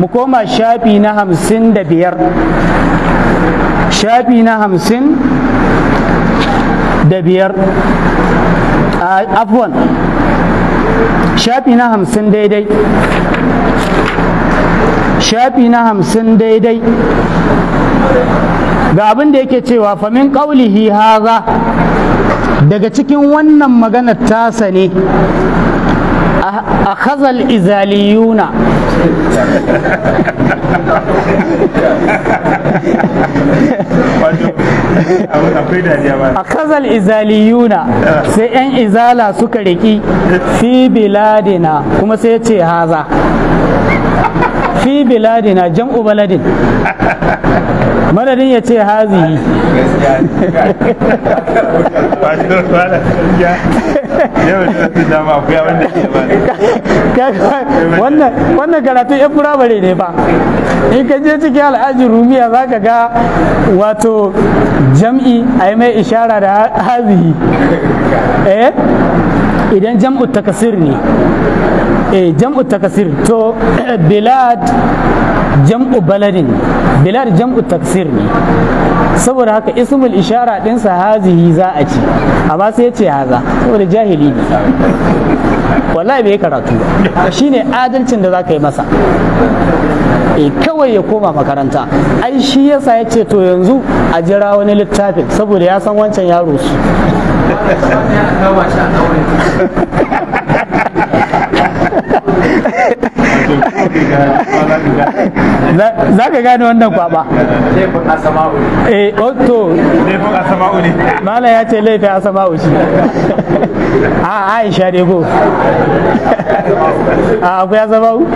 S2: mu koma shafi na hamsin da biyar shafi na hamsin da biyar afwan shafi na hamsin daidai shafi na hamsin daidai ga abin da yake cewa famin ƙaulihi haza daga cikin wannan maganar tasa ne a hazal izaliyuna a kazal izaliyuna sai 'yan izala suka riki fi biladina kuma sai ce haza fi biladina jan baladin madadin ya ce hazi wannan karatun ya firamare ne ba in ka je cikin al'ajin rumiya za ka ga wato jam'i a yi mai ishara da hazi eh idan jam'u takasir ne eh, jam'u takasir to *clears throat* bilad jam'u baladin bilal jam'u taksir ne saboda haka ismul ishara ɗinsa hazihi za a ce amma sai ya ce haza saboda jahili ne wallahi bai karatu ba shine adalcin da zaka yi masa e kawai ya koma makaranta ai shi yasa ya ce to yanzu a jira wani littafin saboda ya san wancan yaro su
S3: *laughs*
S2: za ka gane wannan kwaba eh otto oh, laifin asama'u ne mala ya ce laifin asama'u shi a *laughs* ah, aisha ne ko a *laughs* ah, akwai asama'u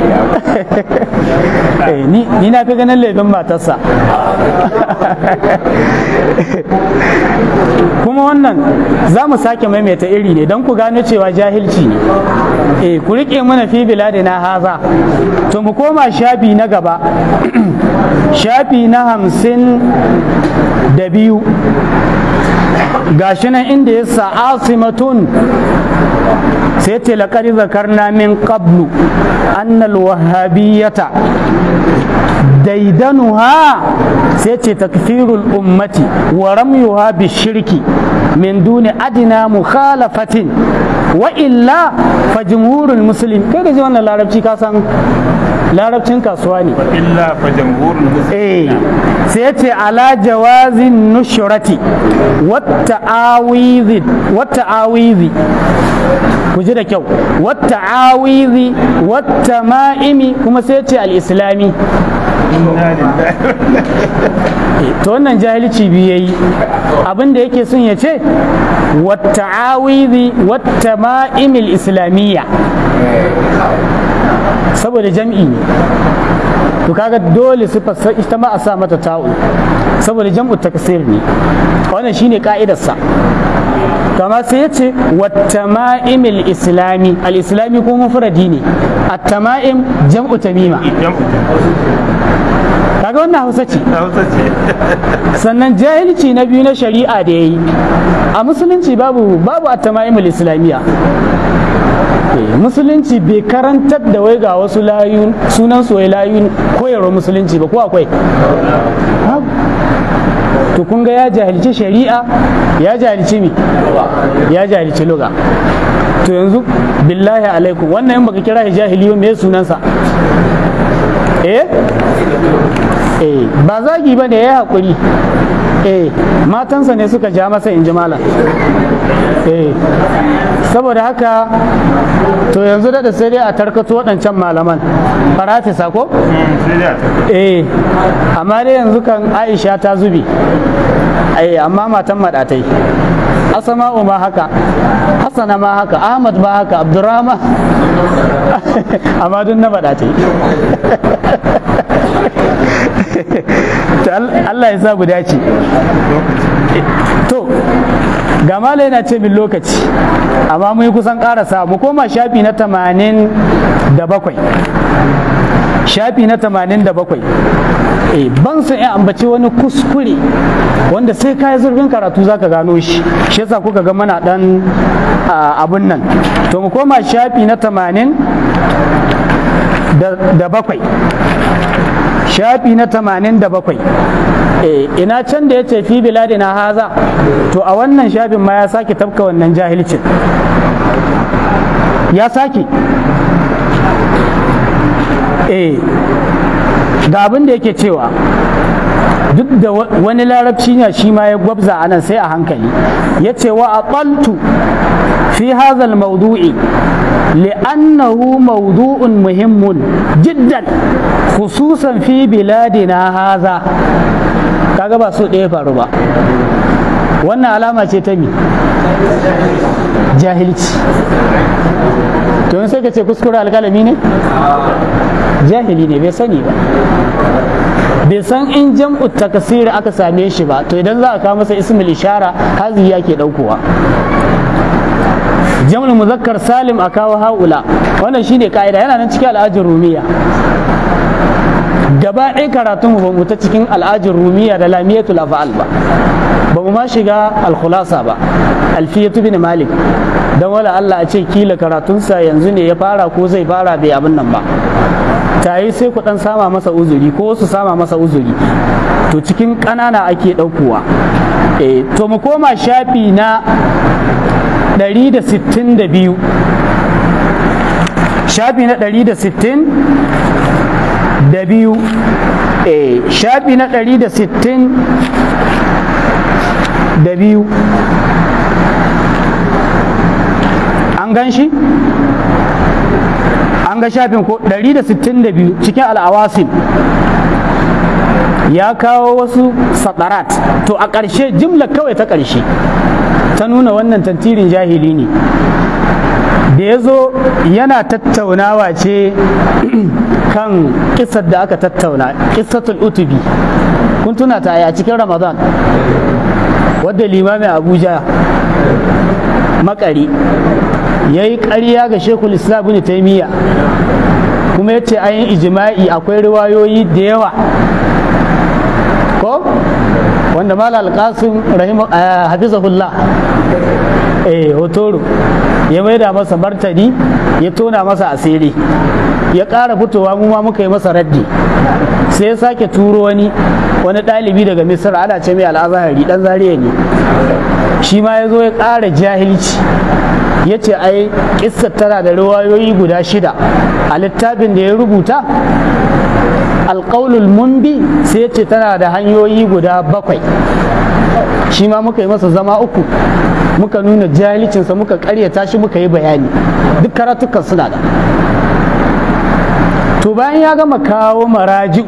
S2: *laughs* eh, ni na fi ganin laifin matarsa kuma wannan za mu sake maimaita iri ne don ku gano cewa jahilci ne eh, ku riƙe mana fi bila na haza to mu koma shafi na gaba *clears throat* shafi na hamsin da biyu gashi nan inda ya asimatun sai ce laƙari zakarna min qablu annal wahabiyata daidanuha sai ce takfirul ummati wa ramyuha bishirki min duni adina mukhalafatin wa illa fa jumhurul muslim kai gaji wannan larabci ka larabcin kasuwa ne illa fa jumhurul muslim eh, sai ya ce ala jawazin nushrati watta awizi wata awizi ku ji da kyau watta awizi watta ma'imi kuma sai ya ce al-islami eh, to wannan jahilci biyu yayi abin da yake son ya ce ce wata'awizi wata ma'imil islamiyya saboda jam'i ne to kaga dole su siffar ita ma a sa mata ta'u saboda jam'u takasir ne wannan shine ka'idarsa kama sai ya ce wattama'im al-islami al-islami ko mufradi ne at-tama'im jam'u tamima kaga wannan hausa ce *laughs* sannan jahilci na biyu na shari'a da yayi a musulunci babu babu at-tama'imul islamiyya eh, musulunci bai karantar da wai ga wasu layun sunan su layun koyarwa musulunci ba ko akwai to kun ga ya jahilci shari'a ya jahilci mi ya jahilci luga to yanzu billahi alaikum wannan yin baka kira shi jahiliyo me sunansa Eh? eh ba zagi ba ne ya yi haƙuri eh matansa ne suka ja masa in ji malam eh saboda haka to yanzu da sai dai a tarkato waɗancan malaman farati sako eh amma dai yanzu kan aisha ta zubi eh, amma matan maɗatai asama'u ma haka hasana ma haka ahmad ma haka abdurrahman *laughs* amma duk na faɗa ce *laughs* Allah ya sa guda ce to ga mala yana ce min lokaci amma mun yi kusan karasa mu koma shafi na 87 shafi na 87 eh ban san in ambaci wani kuskure wanda sai kai zurfin karatu zaka gano shi shi yasa kuka ga mana dan abun nan to mu koma shafi na 87 da bakwai shafi na 87 eh, ina can da ya ce fi biladina haza to a wannan shafin ma ya sake tafka wannan jahilcin ya sake eh ga abin da yake cewa duk da wani larabci ne shi ma ya gwabza a sai a hankali ya ce wa a ɓaltu fi hazal maudu'i li'annahu maudu'un muhimmun jiddan khususan fi na haza kaga ba su ɗaya faru ba wannan alama ce ta mi jahilci to sai ka ce kuskure alkalami ne jahili ne bai sani ba bai san in jam'u takasiri aka same shi ba to idan za a kawo masa ismul ishara hazi ya ke daukowa jam'ul muzakkar salim a kawo haula wannan shine ka'ida yana nan cikin al'ajin rumiya gaba ɗaya karatun mu ba ta cikin al'ajin rumiya da lamiyatul af'al ba ba mu ma shiga alkhulasa ba alfiyatu bin malik don wala Allah a ce kila karatunsa yanzu ne ya fara ko zai fara bai abin nan ba ta yi sai ku dan sama masa uzuri ko su sama masa uzuri to cikin ƙanana ake ɗaukowa e, to mu koma shafi na 162 shafi na 162 e, eh, shafi na 160 da biyu an gan shi an ga shafin ko 162 cikin al'awasin ya kawo wasu sadarat to a ƙarshe jimla kawai ta ƙarshe ta nuna wannan tantirin jahili ne da ya zo yana tattaunawa ce *clears throat* kan kisar da aka tattauna kisatul utubi kun tuna ta a cikin ramadan wadda limamin abuja makari ya yi ƙarya ga shekul islam ne taimiyya kuma ya ce ayin ijima'i akwai riwayoyi da yawa ko wanda mala alƙasin eh, hafizahullah eh hotoro ya maida masa martani ya tona masa asiri ya ƙara fitowa mu ma muka yi masa raddi sai ya sake turo wani wani ɗalibi daga misir ana ce mai al'azahari ɗan zariya ne shi ma ya zo ya ƙara jahilci ya ce ai ƙissar tana da rawayoyi guda shida a littafin da ya rubuta alƙaulul mumbi sai ya ce tana da hanyoyi guda bakwai shi ma muka yi masa zama uku muka nuna jahilcinsa muka karyata shi muka yi bayani duk karatukan suna da to bayan ya gama kawo maraji'u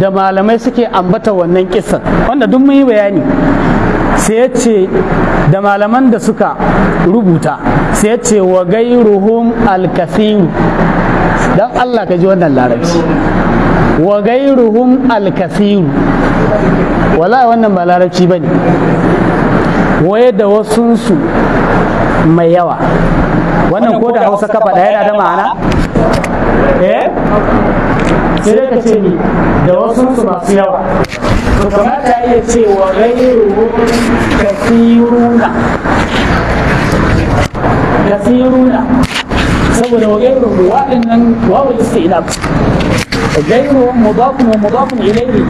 S2: da malamai suke ambata wannan kisan wanda duk mun yi bayani sai ya ce da malaman da suka rubuta sai ya ce wa gairuhum alkasiru don Allah ka ji wannan larabci wa gairuhum alkasiru wala wannan ba larabci ba ne waye da wasunsu mai yawa wannan ko da hausa kafa ɗaya da ma'ana eh sai da ka ce ni da wasu su masu yawa to kamata iya cewa wa gairu kasiruna kasiruna saboda wa gairu waɗannan wawul isti'nab gairu mudafun wa mudafun ilaihi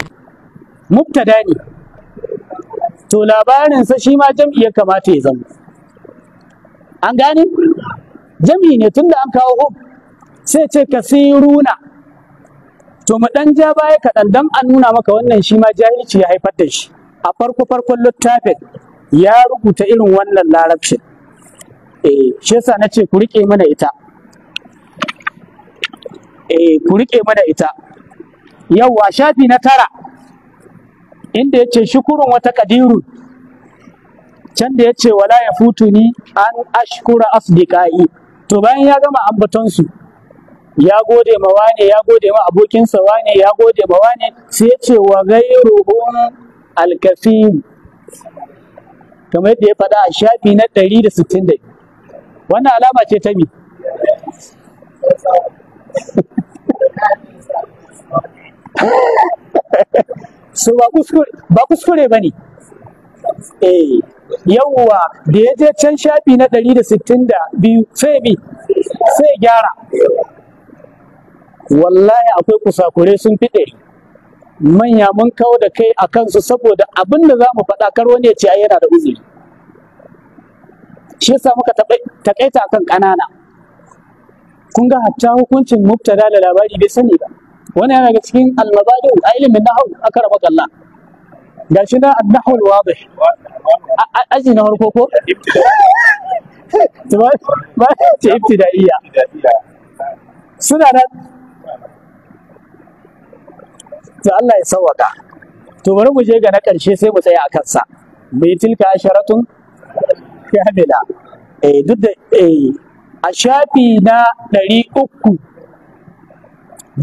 S2: mubtada ne to labarinsa shi ma jam'i ya kamata ya zama an gane jam'i ne tunda an kawo sai ce kasiruna to mu dan ja baya kaɗan dan a nuna maka wannan shi ma jahilci ya haifar da shi a farko farkon littafin ya rubuta irin wannan larabcin eh shi yasa nace ku rike mana ita eh ku rike mana ita yawwa shafi na tara inda yace shukurun wata kadirun can da yace wala ya futu ni an ashkura asdiqai to bayan ya gama ambaton su ya gode ma wane ya gode ma abokinsa wane ya gode ma wane sai ya ce wa ghairuhum alkafin kamar yadda ya faɗa a shafi na 160 wannan alama ce ta mi so ba kuskure ba ne eh yawwa da ya je can shafi na 162 sai bi sai gyara wallahi akwai kusakure sun fi ɗari manya mun kawo da kai a kansu saboda abin da za mu faɗa kar wani ya ce yana da uzuri shi yasa muka a akan ƙanana kun ga hatta hukuncin mubtada da labari bai sani ba wani yana daga cikin almabadi a ilimin a aka raba kalla shi na annahul wadih
S4: aji na harko ko ba ce iya suna nan
S2: to Allah ya sawwaka to bari mu je ga na ƙarshe sai mu tsaya a kansa bai tilka asharatun kamila eh duk da eh a shafi na ɗari uku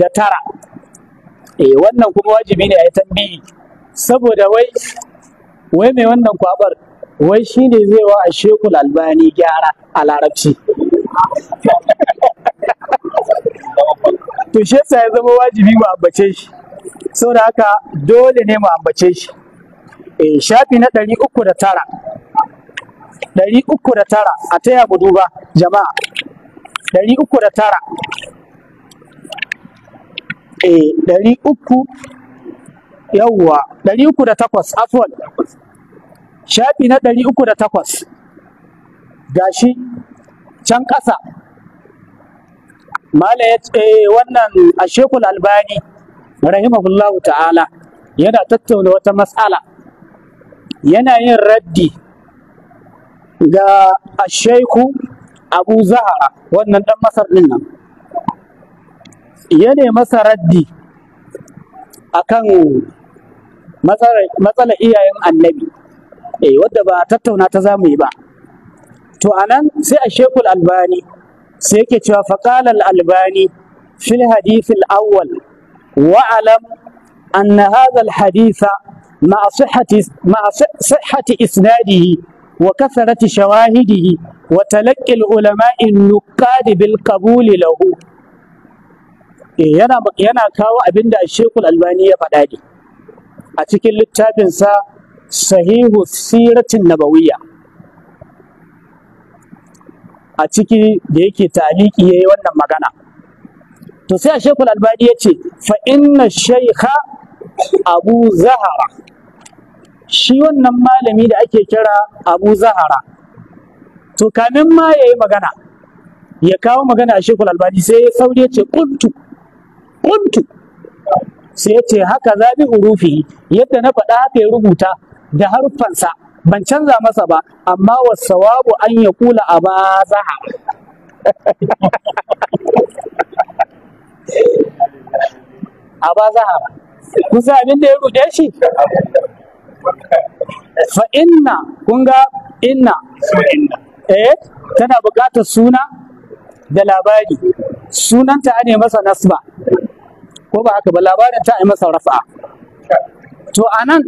S2: da tara eh wannan kuma wajibi ne a yi tambayi saboda wai wai mai wannan kwabar wai shi ne zai wa a shekul albani gyara a larabci *laughs* to shi ya zama wajibi mu ambace shi saboda haka dole ne mu ambace shi eh shafi na 309 309 a taya mu duba jama'a 309 eh 300 yawwa 308 afwan shafi na 308 gashi can ƙasa mala ya ce eh, wannan a shekul albani rahimahullahu ta'ala yana tattauna wata matsala yana yin raddi ga ashaiku abu zahara wannan ɗan masar ɗin nan masa raddi akan matsalar iyayen annabi eh wadda ba tattauna ta zamu yi ba to anan sai a shekul albani sai yake cewa faƙalar albani fil hadithil awwal واعلم أن هذا الحديث مع صحة مع صحة إسناده وكثرة شواهده وتلقي العلماء النقاد بالقبول له yana yana kawo abinda Sheikhul Albani ya faɗa ne a cikin littafinsa Sahihu Siratin Nabawiyya a ciki da yake taliki yayi wannan magana to sai a shekul albani ya ce fa inna shaikha abu zahara shi wannan malami da ake kira abu zahara to kamin ma ya yi magana ya kawo magana a shekul albani sai ya sauri ya ce kuntu kuntu sai ya ce haka zabi urufi yadda na faɗa haka ya rubuta da harfansa ban canza masa ba amma wasawabu an ya kula a ba zahara *laughs* a ba za a kusa abin da ya rute shi fa inna kun ga inna eh tana buƙatar suna da labari sunanta ne masa nasba ko ba haka ba labarin ta yi masa rafa to anan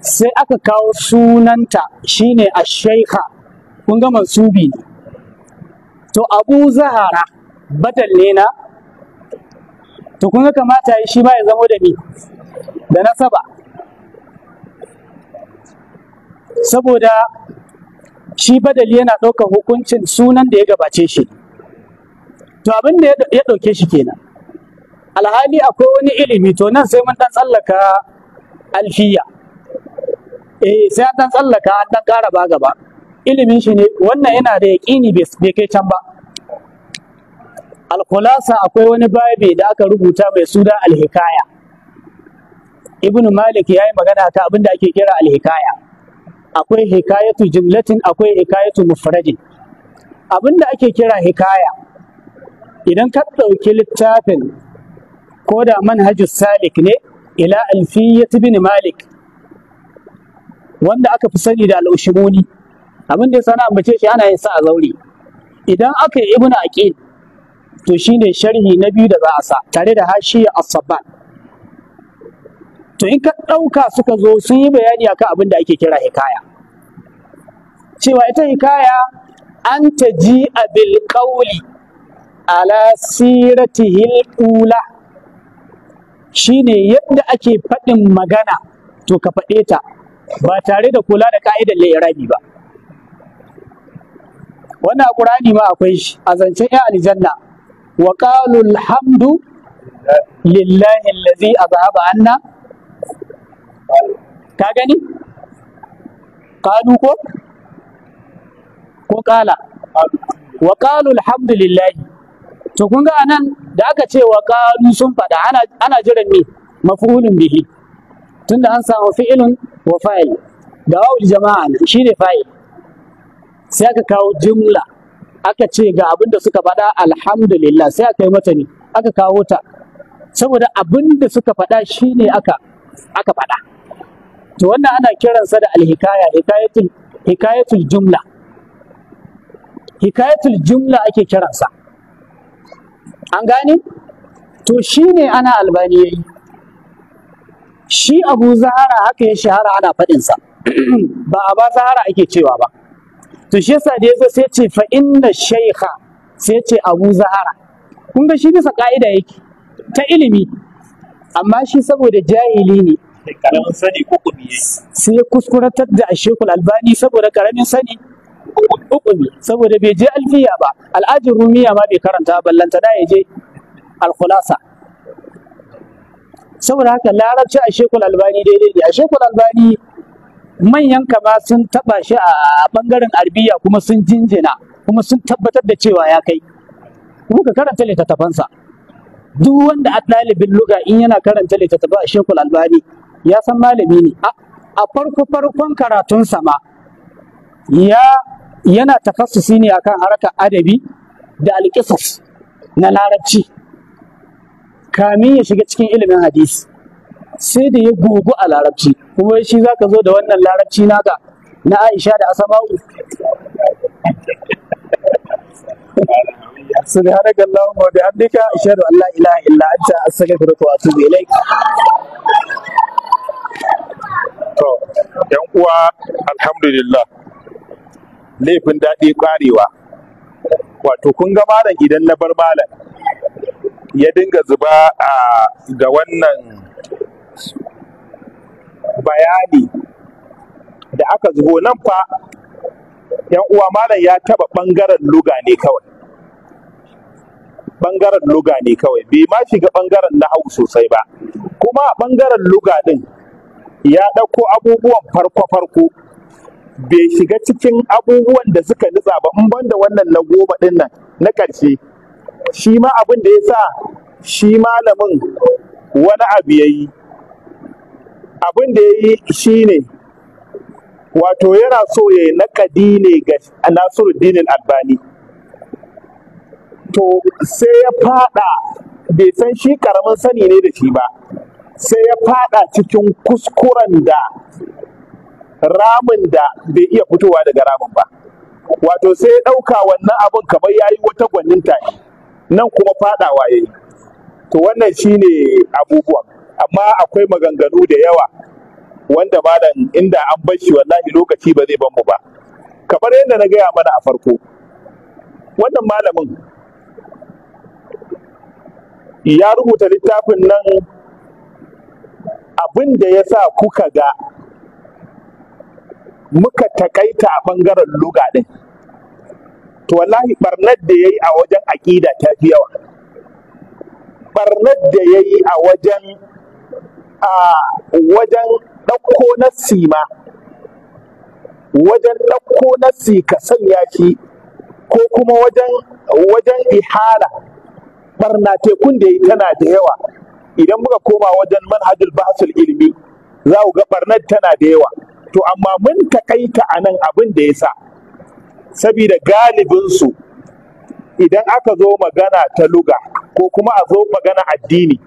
S2: sai aka kawo sunanta shine ashaika kun ga mansubi to abu zahara badal ne na to kun ga kamata shi ba ya zamo da ni da nasaba saboda shi badali yana ɗaukar hukuncin sunan da ya gabace shi to abin da ya ɗauke shi kenan alhali akwai wani ilimi to nan sai mun ɗan tsallaka alfiya eh sai an ɗan tsallaka an ɗan ƙara ba gaba ilimin shi ne wannan yana da yaƙini bai kai can ba alkhulasa akwai wani babi da aka rubuta mai suna alhikaya ibnu malik ya yi magana ta abinda ake kira alhikaya akwai hikayatu jumlatin akwai hikayatu mufradin abinda ake kira hikaya idan ka ɗauki littafin ko da manhajus salik ne ila alfiyat ni malik wanda aka fi sani da al'ushimuni abin da ya sana ambace shi ana yin sa a zauri idan aka yi ibnu aqil to shine sharhi na biyu da za a sa tare da hashiya as to in ka ɗauka suka zo sun yi bayani akan abin da ake kira hikaya cewa ita hikaya an ta ji abil ƙauli ala siratihil ula shine yadda ake faɗin magana to ka faɗe ta ba tare da kula da ka'idar lairabi ba wannan a ma akwai shi a zancen 'yan aljanna وقالوا الحمد alhamdu lillahi أذهب عنا anna ka gani كو ko وقالوا الحمد لله to kun ga anan da aka ce wa qalu sun fada ana ana jiran ne maf'ulun bihi tunda an samu fi'ilun wa fa'il da wa'ul jama'a shine fa'il sai aka kawo jumla aka ce ga abin da suka faɗa alhamdulillah sai aka yi mata ne aka kawo ta saboda abin da suka faɗa shine aka aka faɗa to wannan ana kiransa da alhikaya hikayatul jumla hikayatul jumla ake kiransa an gane to ne ana albani shi abu zahara haka ya shahara ana faɗinsa *clears throat* ba a ba zahara ake cewa ba to shi yasa da yazo sai ce fa inna shaykha sai ce Abu Zahara kun ga shi bisa ka'ida yake ta ilimi amma shi saboda jahili ne
S3: karamin sani ko kubi
S2: sai kuskuratar da Sheikhul Albani saboda karamin sani ukumi saboda bai je alfiya ba al'ajin rumiya ma bai karanta ballanta da ya je alkhulasa saboda haka larabci a shekul albani daidai ne a shekul albani manyan kama sun taba shi a bangaren arbiya kuma sun jinjina kuma sun tabbatar da cewa ya kai kuma ka karanta littattafansa duk wanda a ɗalibin luga in yana karanta littattafa a shekul albani ya san malami ne a farko farkon karatun sama, ya yana takassusi ne akan harkar adabi da alƙisas na larabci kamin ya shiga cikin ilimin hadisi sai da ya gugu a larabci kuma shi za ka zo da wannan larabci naka na aisha da asama'u
S3: سبحانك اللهم وبحمدك اشهد ان لا اله الا انت استغفرك واتوب اليك to yan uwa
S1: alhamdulillah laifin daɗi ƙwarewa wato kun ga malam idan na bar malam ya dinga zuba a ah, ga wannan bayani da aka zubo nan fa yan uwa malam ya taba bangaren luga ne kawai bangaren luga ne kawai bai ma shiga bangaren na hau sosai ba kuma bangaren luga din ya ɗauko abubuwan farko-farko bai shiga cikin abubuwan da suka nutsa ba in banda wannan na goma din nan na ƙarshe shi ma abin da ya sa shi malamin wani abu ya yi abin da ya yi shi ne wato yana so ya naƙadi ne ga dinin albani to sai ya fada bai san shi karamin sani ne da shi ba sai ya fada cikin kuskuren da ramin da bai iya fitowa daga ramin ba wato sai ya ɗauka wannan abin kamar ya yi wata tashi nan kuma fadawa ya yi to wannan shine abubuwan amma akwai maganganu da yawa wanda malam inda an bar shi wallahi lokaci ba zai mu ba kamar yadda na gaya mana a farko wannan malamin ya rubuta littafin nan abin da ya sa kuka ga muka takaita a ɓangaren luga ɗin to wallahi ɓarnar da ya yi a wajen aƙida ta fi yawa ɓarnar da ya yi a wajen a wajen ɗauko nassi ma wajen ɗauko nassi ka sanya shi ko kuma wajen wajen ihana barna tekun da yi tana da yawa idan muka koma wajen manhajul basul ilmi za ku ga barnar tana da yawa to amma mun takaita a nan abin da ya sa saboda galibinsu idan aka zo magana ta luga ko kuma a zo magana addini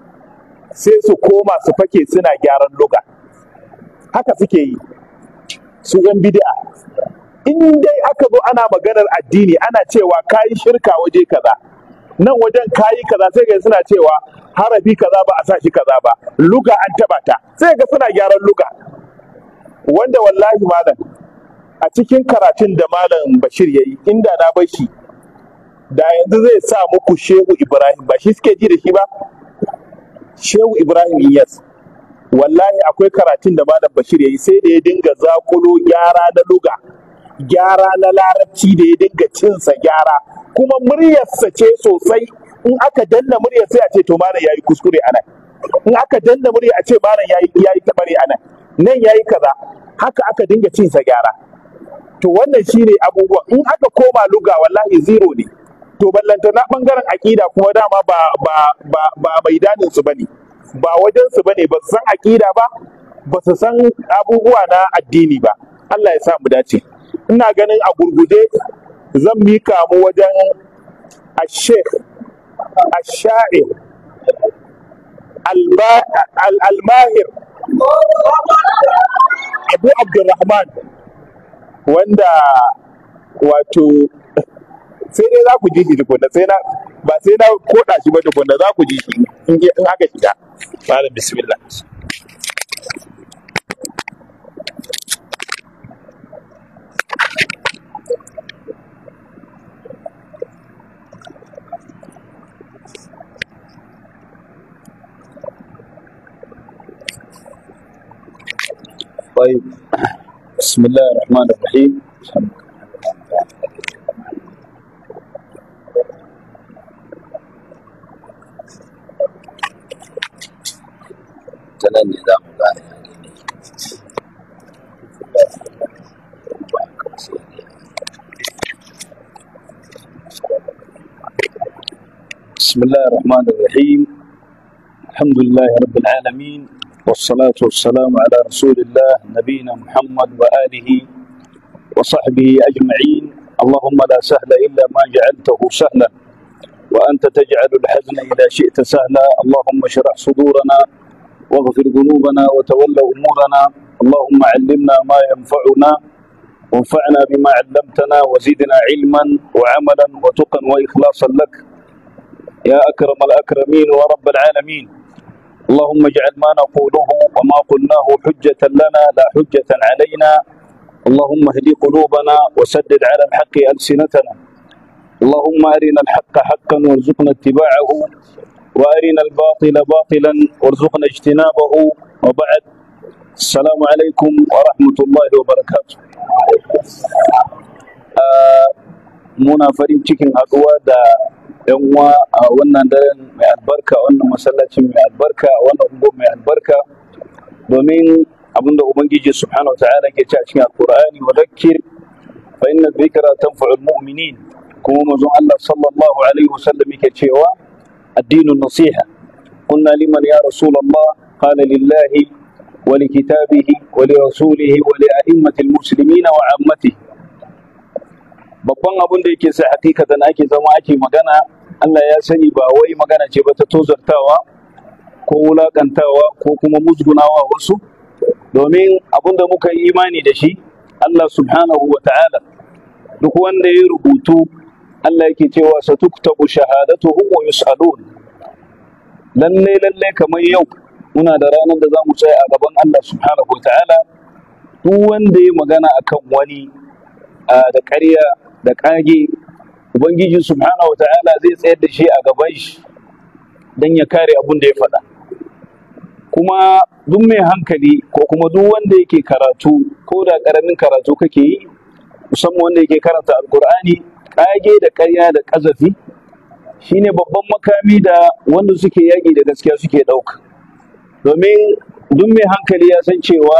S1: sai su koma su fake suna gyaran luga haka suke yi su yan bid'a in dai aka zo ana maganar addini ana cewa kayi shirka waje kaza nan wajen kayi kaza sai ga suna cewa harafi kaza ba a sa shi kaza ba luga an taba ta sai ga suna gyaran luga wanda wallahi malam a cikin karatun da malam Bashir yayi inda na bashi da yanzu zai sa muku Shehu Ibrahim ba shi suke ji da shi ba Shehu Ibrahim Iyas wallahi akwai karatun da Malam Bashir ya yi, sai da ya dinga zakulo gyara na luga gyara na larabci da ya dinga cinsa gyara kuma muryarsa ce sosai in aka danna murya sai a ce to malam yi kuskure anan in aka danna murya a ce malam ya yi tabare anan nan ya yi kaza haka aka dinga cinsa gyara to wannan shine abubuwan, in aka koma luga wallahi zero ne to ballanta na bangaren aƙida kuma dama ba ba ba ba bai danin su bane ba wajen su bane ba san aƙida ba ba su san abubuwa na addini ba Allah ya sa mu dace ina ganin a gurguje zan mika mu wajen ash-sheikh ash-sha'ir al-mahir Abu Abdurrahman wanda wato sai dai za ku ji shi tukunna sai na ba sai na koda shi ba tukunna za ku ji shi in in aka shiga
S3: malam bismillah
S4: طيب بسم
S3: الله الرحمن الرحيم بسم الله
S4: الرحمن الرحيم الحمد لله رب العالمين والصلاة والسلام على رسول الله نبينا محمد وآله وصحبه أجمعين اللهم لا سهل إلا ما جعلته سهلا وأنت تجعل الحزن إذا شئت سهلا اللهم اشرح صدورنا واغفر ذنوبنا وتول أمورنا اللهم علمنا ما ينفعنا وانفعنا بما علمتنا وزدنا علما وعملا وتقا وإخلاصا لك يا أكرم الأكرمين ورب العالمين اللهم اجعل ما نقوله وما قلناه حجة لنا لا حجة علينا اللهم اهد قلوبنا وسدد على الحق ألسنتنا اللهم أرنا الحق حقا وارزقنا اتباعه وارنا الباطل باطلا وارزقنا اجتنابه وبعد السلام عليكم ورحمه الله وبركاته آه، منا فريم تشيكن اقوى دا يوما آه، ونا دارن مع البركه ونا مسلات مع البركه ونا امور مع البركه ومن ابن ابنجي سبحانه وتعالى كتاب القران وذكر فان الذكرى تنفع المؤمنين كونوا زعل صلى الله عليه وسلم كتشيوان الدين النصيحة قلنا لمن يا رسول الله قال لله ولكتابه ولرسوله ولأئمة المسلمين وعامته babban abin da yake sa hakikatan ake zama ake magana Allah ya sani ba wai magana ce ba ta tozartawa ko wulakantawa ko kuma musgunawa wasu domin abin da muka yi imani da shi Allah subhanahu wa ta'ala duk wanda ya rubutu Allah yake cewa satuktabu shahadatuhum wa yus'alun lalle lalle kamar yau muna da ranar da zamu tsaya a gaban Allah subhanahu ta'ala duk wanda ya magana akan wani da ƙarya da kage ubangiji subhanahu ta'ala zai tsayar da shi a gaban shi dan ya kare abun da ya faɗa kuma duk mai hankali ko kuma duk wanda yake karatu ko da karamin karatu kake yi musamman wanda yake karanta alkur'ani ƙage da ƙarya da ƙazafi shine babban makami da wanda suke yaƙi da gaskiya suke ɗauka domin duk mai hankali ya san cewa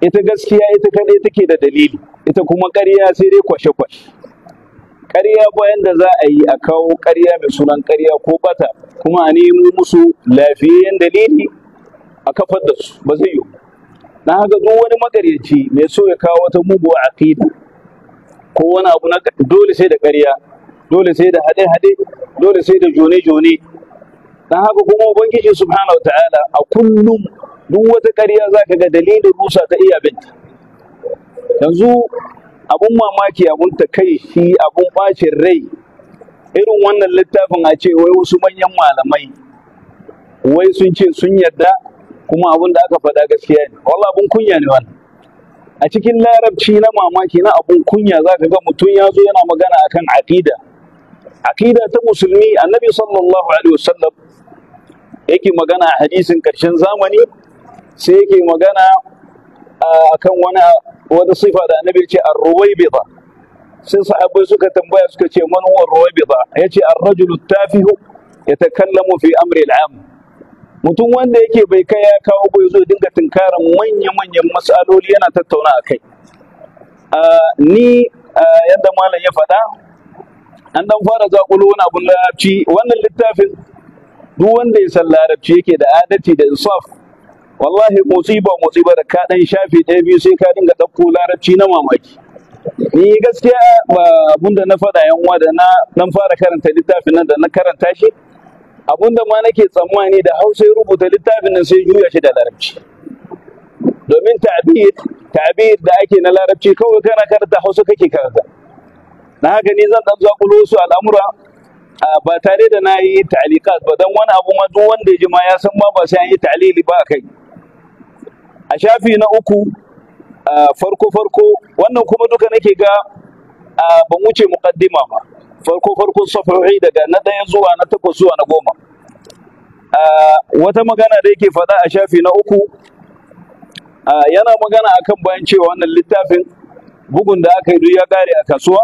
S4: ita gaskiya ita kaɗai take da dalili ita kuma ƙarya sai dai kwashe-kwashe ƙarya bayan da za a yi a kawo ƙarya mai sunan ƙarya ko bata kuma a nemo musu lafiyayyen dalili a kafar da su ba zai yiwu na haka duk wani magaryaci mai so ya kawo wata muguwa aƙida ko wani abu na dole sai da ƙarya dole sai da haɗe-haɗe dole sai da jone-jone don haka kuma ubangiji subhanahu ta'ala a kullum duk wata ƙarya za ka ga dalilin rusa ta iya binta yanzu abun mamaki kai, shi abun bacin rai irin wannan littafin a ce wai wasu manyan malamai wai sun ce sun yarda kuma abun da aka faɗa gaskiya ne wallah abun kunya ne wannan a cikin larabci na mamaki na abun kunya za ka ga mutum ya zo yana magana akan aƙida aƙida ta musulmi annabi sallallahu alaihi wasallam yake magana a hadisin karshen zamani sai yake magana akan wani wata sifa da annabi ce ar-ruwaybida sai sahabbai suka tambaya suka ce man huwa ar-ruwaybida yace ar-rajulu tafihu yatakallamu fi amri al-am mutum wanda yake bai kai ya kawo bai zo dinga tunkarar manya-manyan matsaloli yana tattauna a kai ni yadda malam ya faɗa an dan fara zaƙulu wani abun larabci wannan littafin duk wanda ya san larabci yake da adati da insaf wallahi musiba musiba da ka dan shafi ɗaya biyu sai ka dinga ɗauko larabci na mamaki ni gaskiya ba abun da na faɗa yan uwa da na dan fara karanta littafin nan da na karanta shi abunda ma nake tsammani da hausa ya rubuta littafin nan sai juya shi da larabci domin ta'bir ta'bir da ake na larabci kawai kana karanta hausa kake karanta na haka ni zan dan zakulo su al'amura ba tare da nayi yi ta'liqat ba dan wani abu ma duk wanda ya ji ma ya san ma ba sai an yi ta'lili ba kai a shafi na uku farko farko wannan kuma duka nake ga ban wuce muqaddima ba farko farkon safahohi daga na ɗaya zuwa na takwas zuwa na goma wata magana da yake faɗa a shafi na uku yana magana akan bayan cewa wannan littafin bugun da aka yi duk ya gare a kasuwa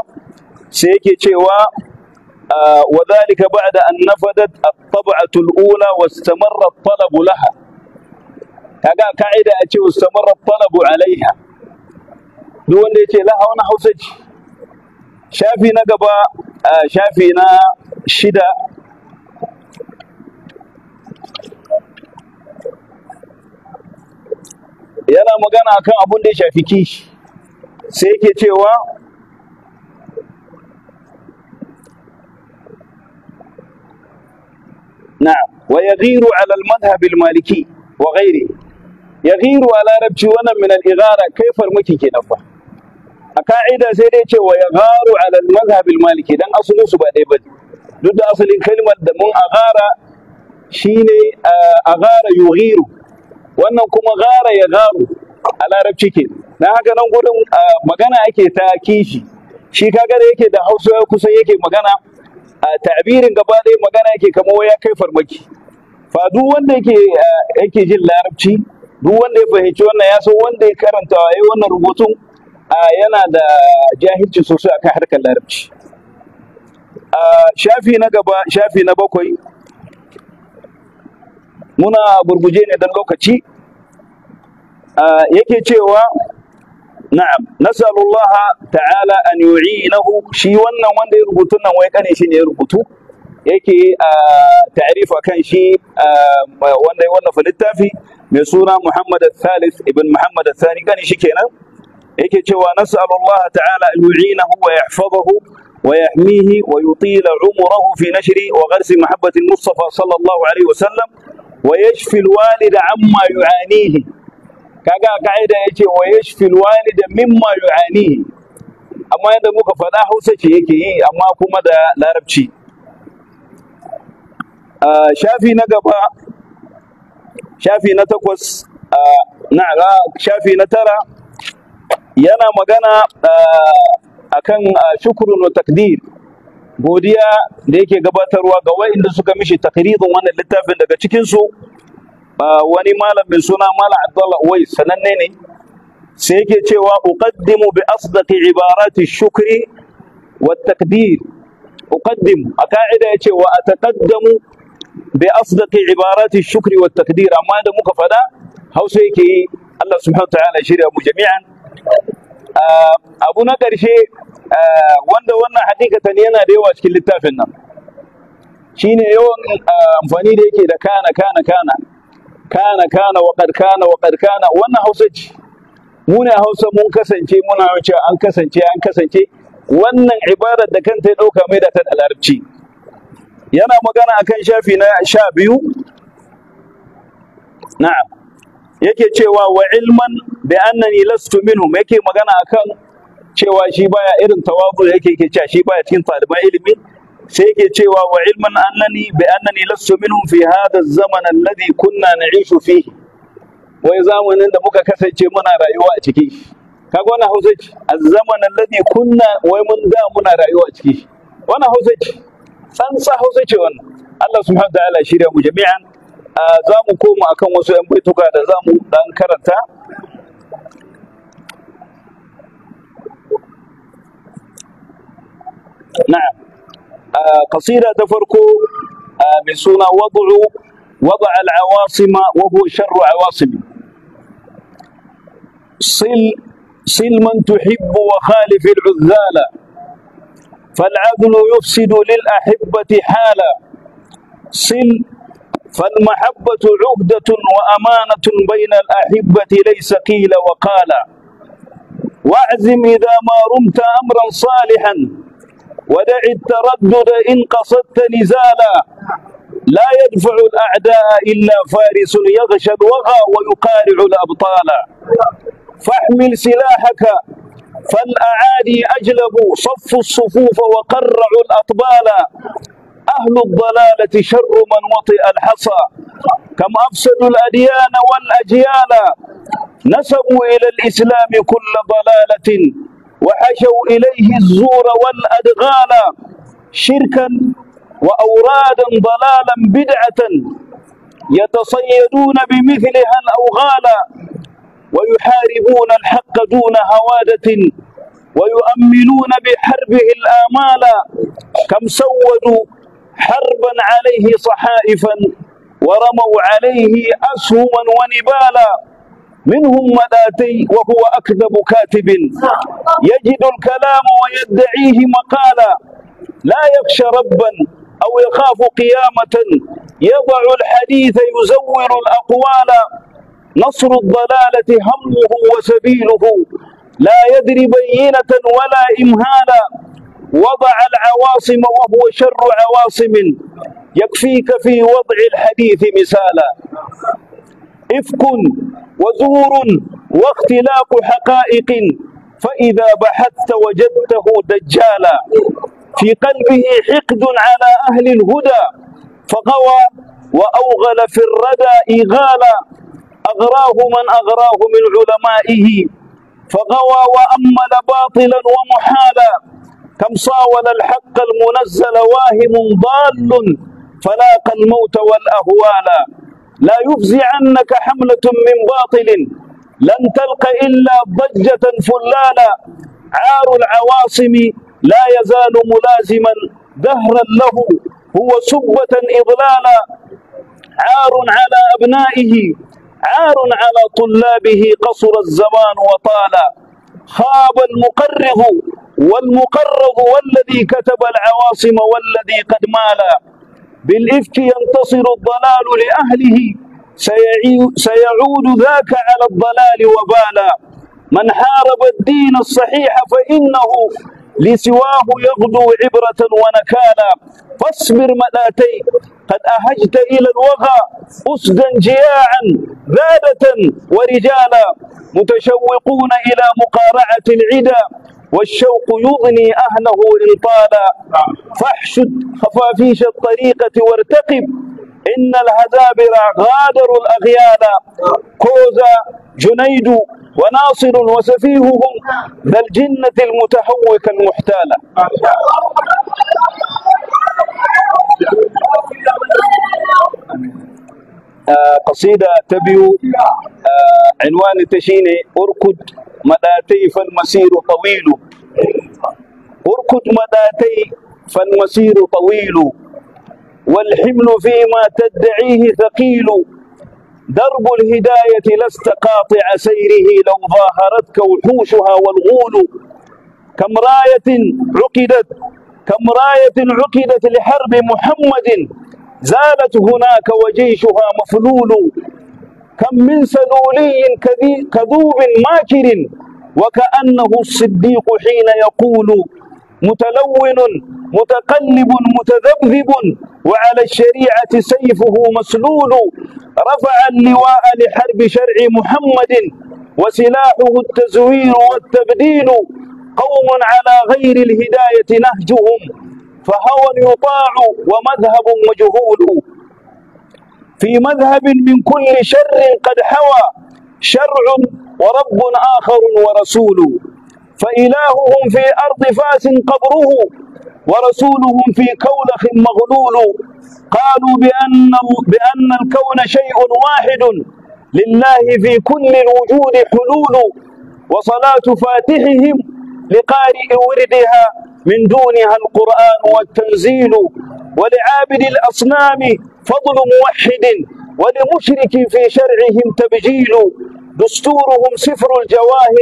S4: sai yake cewa an بعد أن نفدت الطبعة الأولى واستمر الطلب لها kaga ka'ida a ce ustamarar talabu alaiha duk wanda ya ce laha wani hausa ce shafi na gaba shafi na shida yana magana kan abun da ya shafi kishi sai yake cewa na wa yaghiru ala al-madhhab maliki wa ghairi ala rabci wannan min al-ighara farmaki ke kenan fa a ka'ida sai dai ce wa yagharu ala al maliki dan asalin su ba dai ba duk da asalin kalmar da mun aghara shine eh, aghara yughiru wannan kuma ghara ya gharu a larabci ke dan haka nan gudun eh, magana ake ta kishi shi kaga da yake da Hausa kusan yake magana a ta'birin gaba ɗaya magana yake kamar waya kai farmaki fa duk wanda yake eh, yake jin larabci duk wanda ya fahimci wannan ya san wanda ya karanta yayi wannan rubutun yana da jahilci sosai akan harkar larabci shafi na gaba shafi na bakwai muna burguje ne don lokaci yake cewa na'am nasalullaha ta'ala an yu'inahu shi wannan wanda ya rubutu nan wai kane shi ne ya rubutu yake a ta'arifa kan shi wanda ya wallafa littafi mai suna Muhammad salis thalith ibn Muhammad sani thani kane shi kenan yake cewa nas'alullah ta'ala an yu'inahu wa yahfazahu wa yahmihi wa yutila umrahu fi nashri wa gharsi mahabbati al-mustafa sallallahu alaihi wa sallam wa yashfi al-walida amma yu'anihi kaga ka'ida yace wa yashfi al-walida mimma yu'anihi amma yadda muka faɗa Hausa ce yake yi amma kuma da Larabci shafi na gaba shafi na takwas na shafi na tara yana magana a ah, akan ah, shukrun wa takdir godiya da yake gabatarwa ga wa'inda suka mishi takririn wannan littafin daga cikinsu wani malam suna malam abdullah wai sananne ne sai yake cewa uqaddimu bi asdaqi ibarati shukri wa takdir uqaddim a ka'ida yace wa ataqaddamu bi asdaqi ibarati shukri wa takdir amma da muka fada hausa yake yi Allah subhanahu wa ta'ala shirya mu jami'an Uh, abu na ƙarshe uh, wanda wannan hakikatan yana da yawa cikin littafin nan shi ne yawan uh, amfani da yake da kana kana kana kana kana wa kana wa kana wannan hausa ce mu hausa mun kasance muna wuce an kasance an kasance wannan ibarar da kanta ya ɗauka mai da ta da larabci yana magana akan shafi na sha biyu na'am yake cewa wa ilman bi annani lastu minhum yake magana akan cewa shi baya irin tawazu yake yake cewa shi baya cikin taliban ilimi sai yake cewa wa ilman annani bi annani lastu minhum fi hadha zaman alladhi kunna na'ishu fihi wai zamanin da muka kasance muna rayuwa a ciki kaga wannan hausa ce azzaman alladhi kunna wai mun da muna rayuwa a ciki wannan hausa ce san sa hausa ce wannan Allah subhanahu wa ta'ala shirya mu jami'an zamu koma akan wasu 'yan baituka da zamu dan karanta na'am قصيدة تفرقو من سنة وضع وضع العواصم وهو شر عواصم صل صل من تحب وخالف العذال فالعذل يفسد للأحبة حالا صل فالمحبة عهدة وأمانة بين الأحبة ليس قيل وقال واعزم إذا ما رمت أمرا صالحا ودع التردد إن قصدت نزالا لا يدفع الأعداء إلا فارس يغشى الوغى ويقارع الأبطال فاحمل سلاحك فالأعادي أجلبوا صفوا الصفوف وقرعوا الأطبال أهل الضلالة شر من وطئ الحصى كم أفسدوا الأديان والأجيال نسبوا إلى الإسلام كل ضلالة وحشوا إليه الزور والأدغال شركا وأورادا ضلالا بدعة يتصيدون بمثلها الأوغال ويحاربون الحق دون هوادة ويؤمنون بحربه الآمال كم سودوا حربا عليه صحائفا ورموا عليه أسهما ونبالا منهم مداتي وهو أكذب كاتب يجد الكلام ويدعيه مقالا لا يخشى ربا أو يخاف قيامة يضع الحديث يزور الأقوال نصر الضلالة همه وسبيله لا يدري بينة ولا إمهالا وضع العواصم وهو شر عواصم يكفيك في وضع الحديث مثالا إفك وزور واختلاق حقائق فإذا بحثت وجدته دجالا في قلبه حقد على أهل الهدى فغوى وأوغل في الردى إغالا أغراه من أغراه من علمائه فغوى وأمل باطلا ومحالا كم صاول الحق المنزل واهم ضال فلاق الموت والأهوال لا يفزي عنك حملة من باطل لن تلق إلا ضجة فلالا عار العواصم لا يزال ملازما دهرا له هو سبة إضلالا عار على أبنائه عار على طلابه قصر الزمان وطالا خاب المقرض والمقرب والذي كتب العواصم والذي قد مال بالإفك ينتصر الضلال لأهله سيعود ذاك على الضلال وبالا من حارب الدين الصحيح فإنه لسواه يغدو عبرة ونكالا فاصبر ملاتي قد أهجت إلى الوغى أسدا جياعا ذادة ورجالا متشوقون إلى مقارعة العدا والشوق يغني أهله إن طال فاحشد خفافيش الطريقة وارتقب إن الهزابر غادروا الأغيال كوزا جنيد وناصر وسفيههم ذا الجنة المتهوكة المحتالة قصيدة تبيو آه، عنوان تشيني أركض مداتي فالمسير طويل أركض مداتي فالمسير طويل والحمل فيما تدعيه ثقيل درب الهداية لست قاطع سيره لو ظاهرتك وحوشها والغول كم راية عقدت كم راية عقدت لحرب محمد زالت هناك وجيشها مفلول كم من سلولي كذوب ماكر وكأنه الصديق حين يقول متلون متقلب متذبذب وعلى الشريعة سيفه مسلول رفع اللواء لحرب شرع محمد وسلاحه التزوير والتبديل قوم على غير الهداية نهجهم فهوى يطاع ومذهب مجهول في مذهب من كل شر قد حوى شرع ورب آخر ورسول فإلههم في أرض فاس قبره ورسولهم في كولخ مغلول قالوا بأن, بأن الكون شيء واحد لله في كل الوجود حلول وصلاة فاتحهم لقارئ وردها من دونها القرآن والتنزيل ولعابد الأصنام فضل موحد ولمشرك في شرعهم تبجيل دستورهم سفر الجواهر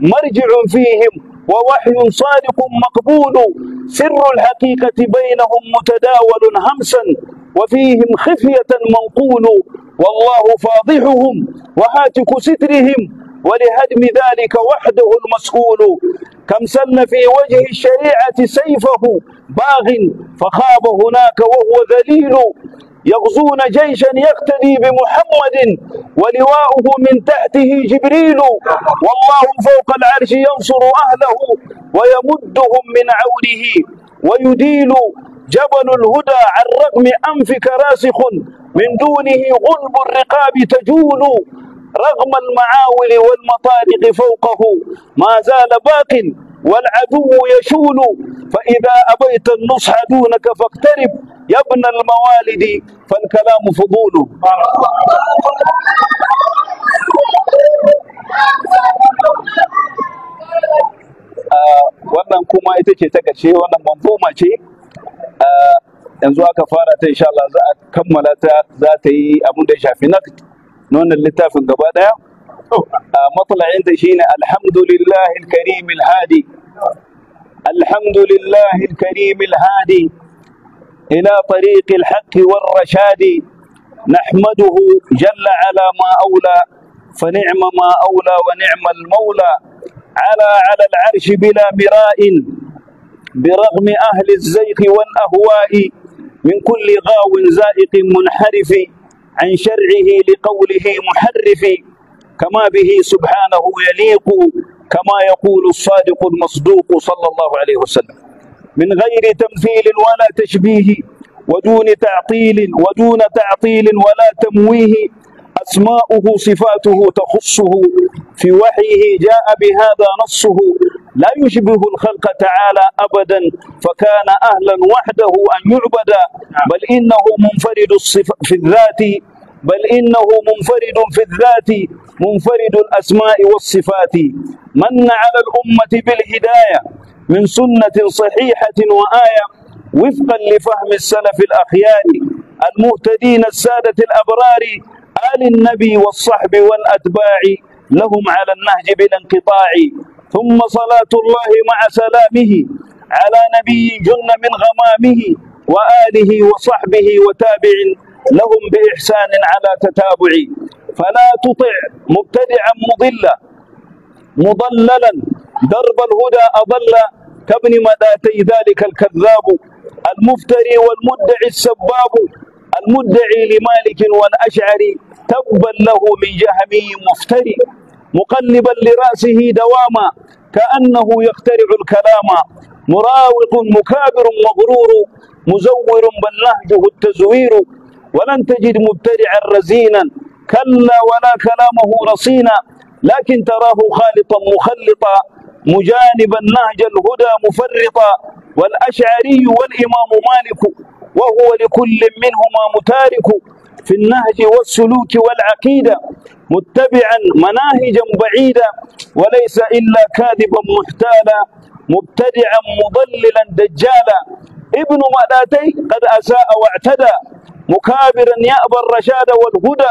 S4: مرجع فيهم ووحي صادق مقبول سر الحقيقة بينهم متداول همسا وفيهم خفية منقول والله فاضحهم وهاتك سترهم ولهدم ذلك وحده المسؤول كم سن في وجه الشريعة سيفه باغ فخاب هناك وهو ذليل يغزون جيشا يقتدي بمحمد ولواؤه من تحته جبريل والله فوق العرش ينصر أهله ويمدهم من عونه ويديل جبل الهدى عن رغم أنفك راسخ من دونه غلب الرقاب تجول رغم المعاول والمطارق فوقه ما زال باق والعدو يشول فإذا أبيت النصح دونك فاقترب يا ابن الموالد فالكلام فضول wannan kuma ita ce ta ƙarshe wannan manzoma ce yanzu aka fara ta insha Allah za a kammala ta za ta yi abin da ya shafi nakt نون اللي اللتافن قبادة *laughs* آه، مطلع عند شينا الحمد لله الكريم الهادي الحمد لله الكريم الهادي إلى طريق الحق والرشاد نحمده جل على ما أولى فنعم ما أولى ونعم المولى على على العرش بلا مراء برغم أهل الزيق والأهواء من كل غاو زائق منحرف عن شرعه لقوله محرف كما به سبحانه يليق كما يقول الصادق المصدوق صلى الله عليه وسلم من غير تمثيل ولا تشبيه ودون تعطيل ودون تعطيل ولا تمويه أسماؤه صفاته تخصه في وحيه جاء بهذا نصه لا يشبه الخلق تعالى أبدا فكان أهلا وحده أن يعبد بل إنه منفرد الصف في الذات بل إنه منفرد في الذات منفرد الأسماء والصفات من على الأمة بالهداية من سنة صحيحة وآية وفقا لفهم السلف الأخيار المهتدين السادة الأبرار آل النبي والصحب والأتباع لهم على النهج بلا انقطاع ثم صلاة الله مع سلامه على نبي جن من غمامه وآله وصحبه وتابع لهم بإحسان على تتابع فلا تطع مبتدعا مضلا مضللا درب الهدى أضل كابن مداتي ذلك الكذاب المفتري والمدعي السباب المدعي لمالك والأشعري تبا له من جهمي مفتري مقلبا لرأسه دواما كأنه يخترع الكلام مراوق مكابر مغرور مزور بل نهجه التزوير ولن تجد مبتدعا رزينا كلا ولا كلامه رصينا لكن تراه خالطا مخلطا مجانبا نهج الهدى مفرطا والأشعري والإمام مالك وهو لكل منهما متارك في النهج والسلوك والعقيدة متبعا مناهجا بعيدا وليس إلا كاذبا محتالا مبتدعا مضللا دجالا ابن مألاتي قد أساء واعتدى مكابرا يأبى الرشاد والهدى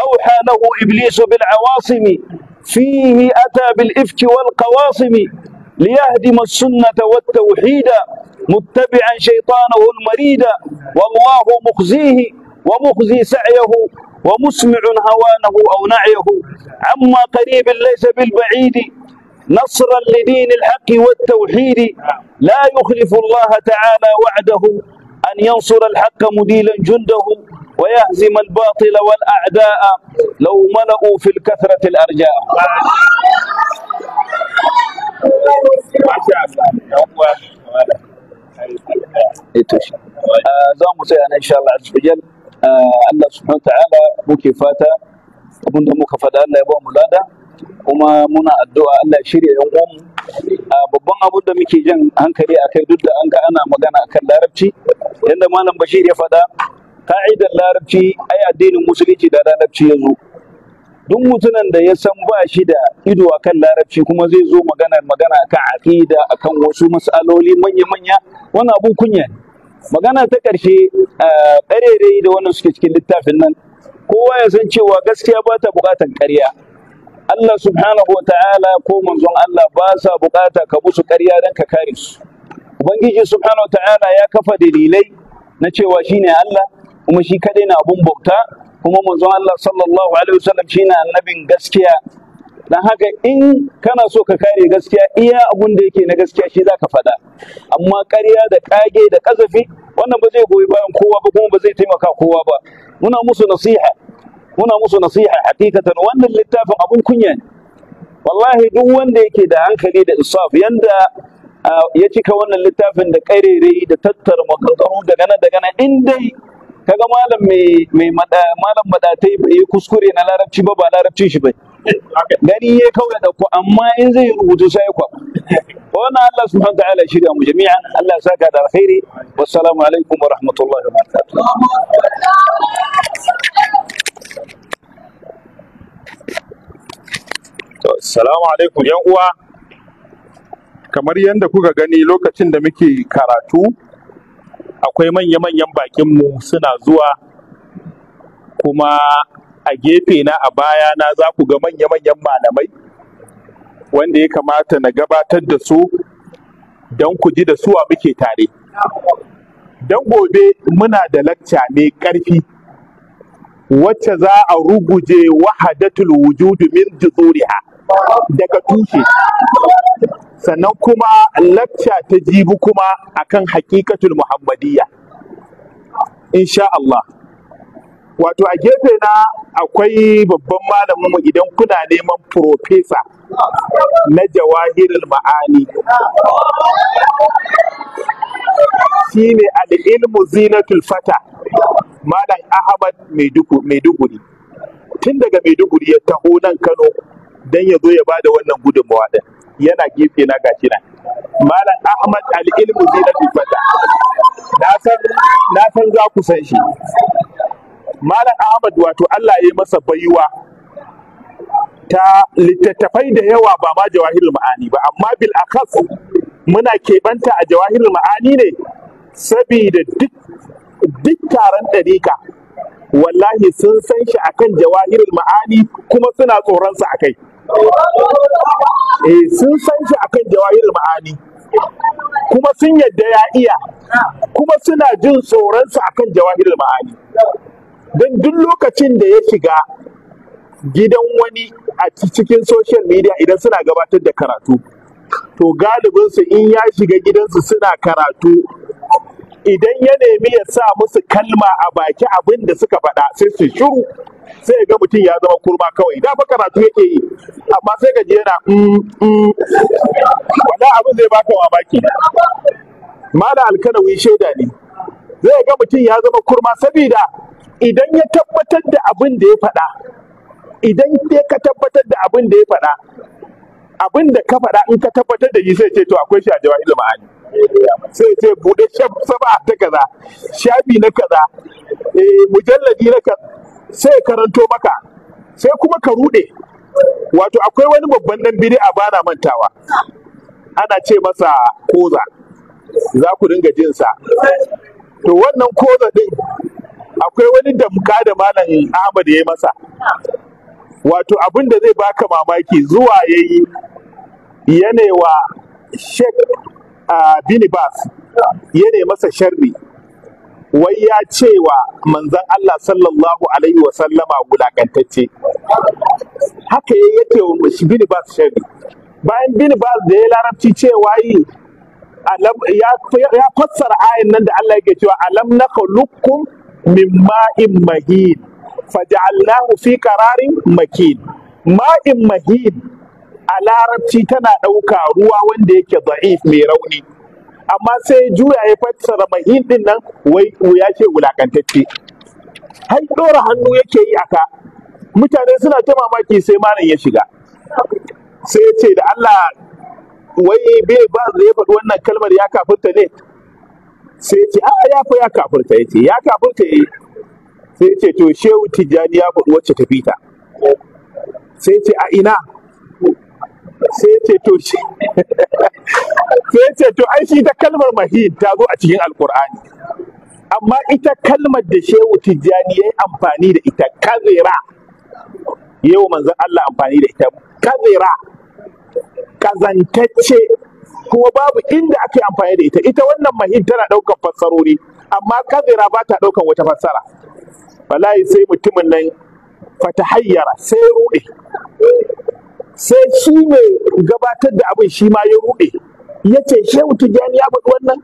S4: أوحى له إبليس بالعواصم فيه أتى بالإفك والقواصم ليهدم السنة والتوحيد متبعا شيطانه المريد والله مخزيه ومخزي سعيه ومسمع هوانه أو نعيه عما قريب ليس بالبعيد نصرا لدين الحق والتوحيد لا يخلف الله تعالى وعده أن ينصر الحق مديلا جنده ويهزم الباطل والأعداء لو ملأوا في الكثرة الأرجاء زام سيدنا إن شاء الله عز وجل آه، الله سبحانه وتعالى مكفاتا ومن دمك فدا الله يبوه ملادا وما منع الدعاء الله شريع يقوم babban abun da muke jan hankali a kai duk da an ga ana magana a kan larabci yadda malam bashir ya faɗa ka'idar larabci ai addinin musulunci da larabci ya zo duk mutumin da ya san ba shi da ido a kan larabci kuma zai zo magana magana aƙida a kan wasu mas'aloli manya manya wani abun kunya magana ta ƙarshe a da wannan suke cikin littafin nan kowa ya san cewa gaskiya ba ta buƙatar ƙarya Allah subhanahu wa ta'ala ko manzon Allah ba sa bukata ka musu ƙarya don ka kare su ubangiji subhanahu wa ta'ala ya kafa dalilai na cewa shine Allah kuma shi kadai na abun bauta kuma manzon Allah sallallahu alaihi wasallam na annabin gaskiya dan haka in kana so ka kare gaskiya iya abun da yake na gaskiya shi za ka faɗa amma ƙarya da ƙage da kazafi wannan ba zai goyi bayan kowa ba kuma ba zai taimaka kowa ba muna musu nasiha muna musu nasiha hakikatan wannan littafin abun kunya ne wallahi duk wanda yake da hankali da isaf yanda ya cika wannan littafin da kairere da tattar makarkaru da gana da gana. in dai kaga malam mai mai malam madatai bai yi kuskure na larabci ba ba larabcin shi bai gani ya kawai da ku amma in zai yi rubutu sai ku wannan Allah subhanahu ta'ala shirya mu jami'an Allah ya saka da alkhairi wassalamu alaikum wa rahmatullahi wa barakatuh
S1: Salamu alaikum ‘yan uwa, kamar yadda kuka gani lokacin da muke karatu, akwai manya-manyan bakinmu suna zuwa, kuma a gefe na a baya na za ku ga manya-manyan malamai, wanda ya kamata na gabatar da su don ku ji da su a muke tare. Don gobe muna da lacca mai ƙarfi. wacce za a ruguje wahadatul wujudu min juzuriha daga tushe sannan kuma lacca ta jibi kuma akan hakikatul muhammadiyya insha Allah wato a gefe na akwai babban malaminmu idan kuna neman profesa na jawahirul ma'ani Shi ne al'ilmu zinatul fata malam ahmad maiduguri tun daga maiduguri ya taho nan kano dan ya zo ya bada wannan gudunmawa din yana gefe na gashi na malam ahmad al-ilmu na san na san za ku san shi malam ahmad wato Allah ya yi masa baiwa ta littattafai da yawa ba ma jawahirul ma'ani ba amma bil akas muna keɓanta a jawahirul ma'ani ne saboda duk duk taron ɗarika wallahi sun san shi akan jawahirul ma'ani kuma suna tsoron sa kai. eh sun san shi akan jawahir ma'ani kuma sun yadda ya iya kuma suna jin tsoronsa akan jawahir ma'ani don duk lokacin da ya shiga gidan wani a cikin social media idan suna gabatar da karatu to galibinsu in ya shiga gidansu suna karatu idan ya nemi ya sa musu kalma a baki abin da suka faɗa sai su shiru sai ga mutum ya zama kurma kawai da fa karatu yake yi amma sai ga jera yana mm, mm. wala abin zai baka wa mamaki mala alkanawi shaida ne zai ga mutum ya zama kurma sabida idan ya tabbatar da abin da ya faɗa idan ka tabbatar da abin da ya faɗa abin da ka faɗa in ka tabbatar da shi sai ce to akwai shi a jawahir ma'ani sai ce bude saba ta kaza shafi na kaza eh, mujalladi na kaza sai karanto maka sai kuma ka rude wato akwai wani babban dan bid'a bana mantawa ana ce masa koza za ku dinga jinsa to wannan koza din akwai wani damka da malam Ahmad ya yi masa wato abin da zai baka mamaki zuwa yayi yanewa shek binibas ya ne masa sharri wai ya ce wa manzan Allah sallallahu alaihi wa sallama wulakantacce haka ya yake wa binibas sharri bayan binibas da ya larabci cewa yi ya fassara ayan nan da Allah yake cewa alam nakhluqukum min ma'in mahin faj'alnahu fi kararin makin ma'in mahin a larabci tana ɗauka ruwa wanda yake za'if mai rauni amma sai juya ya fassara mahin din nan wai ya ce wulakantacce har ɗora hannu yake yi aka mutane suna ta mamaki sai malam ya shiga sai ya ce da Allah wai bai ba ya faɗi wannan kalmar ya kafurta ne sai ya ce a ya fa ya kafurta ya ce ya kafurta ya eh. sai ya ce to shehu tijjani ya faɗi wacce ta fita sai ya ce a ina sai ce to shi sai ce to ai shi ta kalmar mahid ta zo a cikin alkur'ani amma ita kalmar da shehu tijjani ya yi amfani da ita kazira yau manzon Allah amfani da ita kazira kazantacce kuma babu inda ake amfani da ita ita wannan mahid tana ɗaukar fassarori amma kazira ba ta ɗaukar wata fassara wallahi sai mutumin nan fatahayyara sai ruɗe sai shi ne gabatar da abin shi ma ya ruɗe ya ce shehu tijjani ya faɗi wannan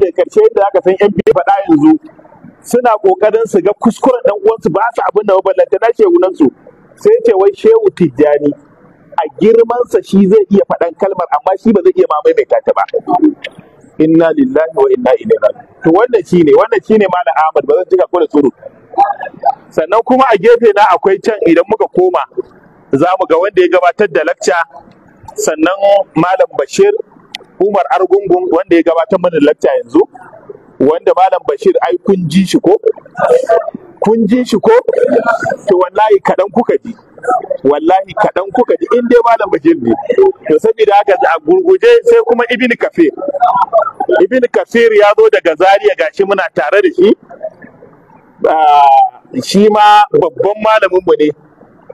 S1: da karshe yadda aka san yan biyu faɗa yanzu suna ƙoƙarin su ga kuskuren ɗan uwansu ba su abin da maballanta na su sai ce wai shehu tijjani a girmansa shi zai iya faɗan kalmar amma shi ba zai iya mamaye mai ta ba inna lillahi wa inna ilaihi raji'un to wannan shine wannan shine malam Ahmad ba zan jika ko da suru sannan kuma a gefe na akwai can idan muka koma za mu ga wanda ya gabatar da lakca sannan malam bashir umar argungun wanda ya gabatar mana lakca yanzu wanda malam bashir ai kun ji shi ko kun ji shi ko to wallahi kaɗan kuka ji wallahi kaɗan kuka ji in dai malam bashir ne to saboda haka a gurguje sai kuma ibn kafir ibn kafir ya zo daga zaria gashi muna tare da shi ah, shi ma babban malamin mu ne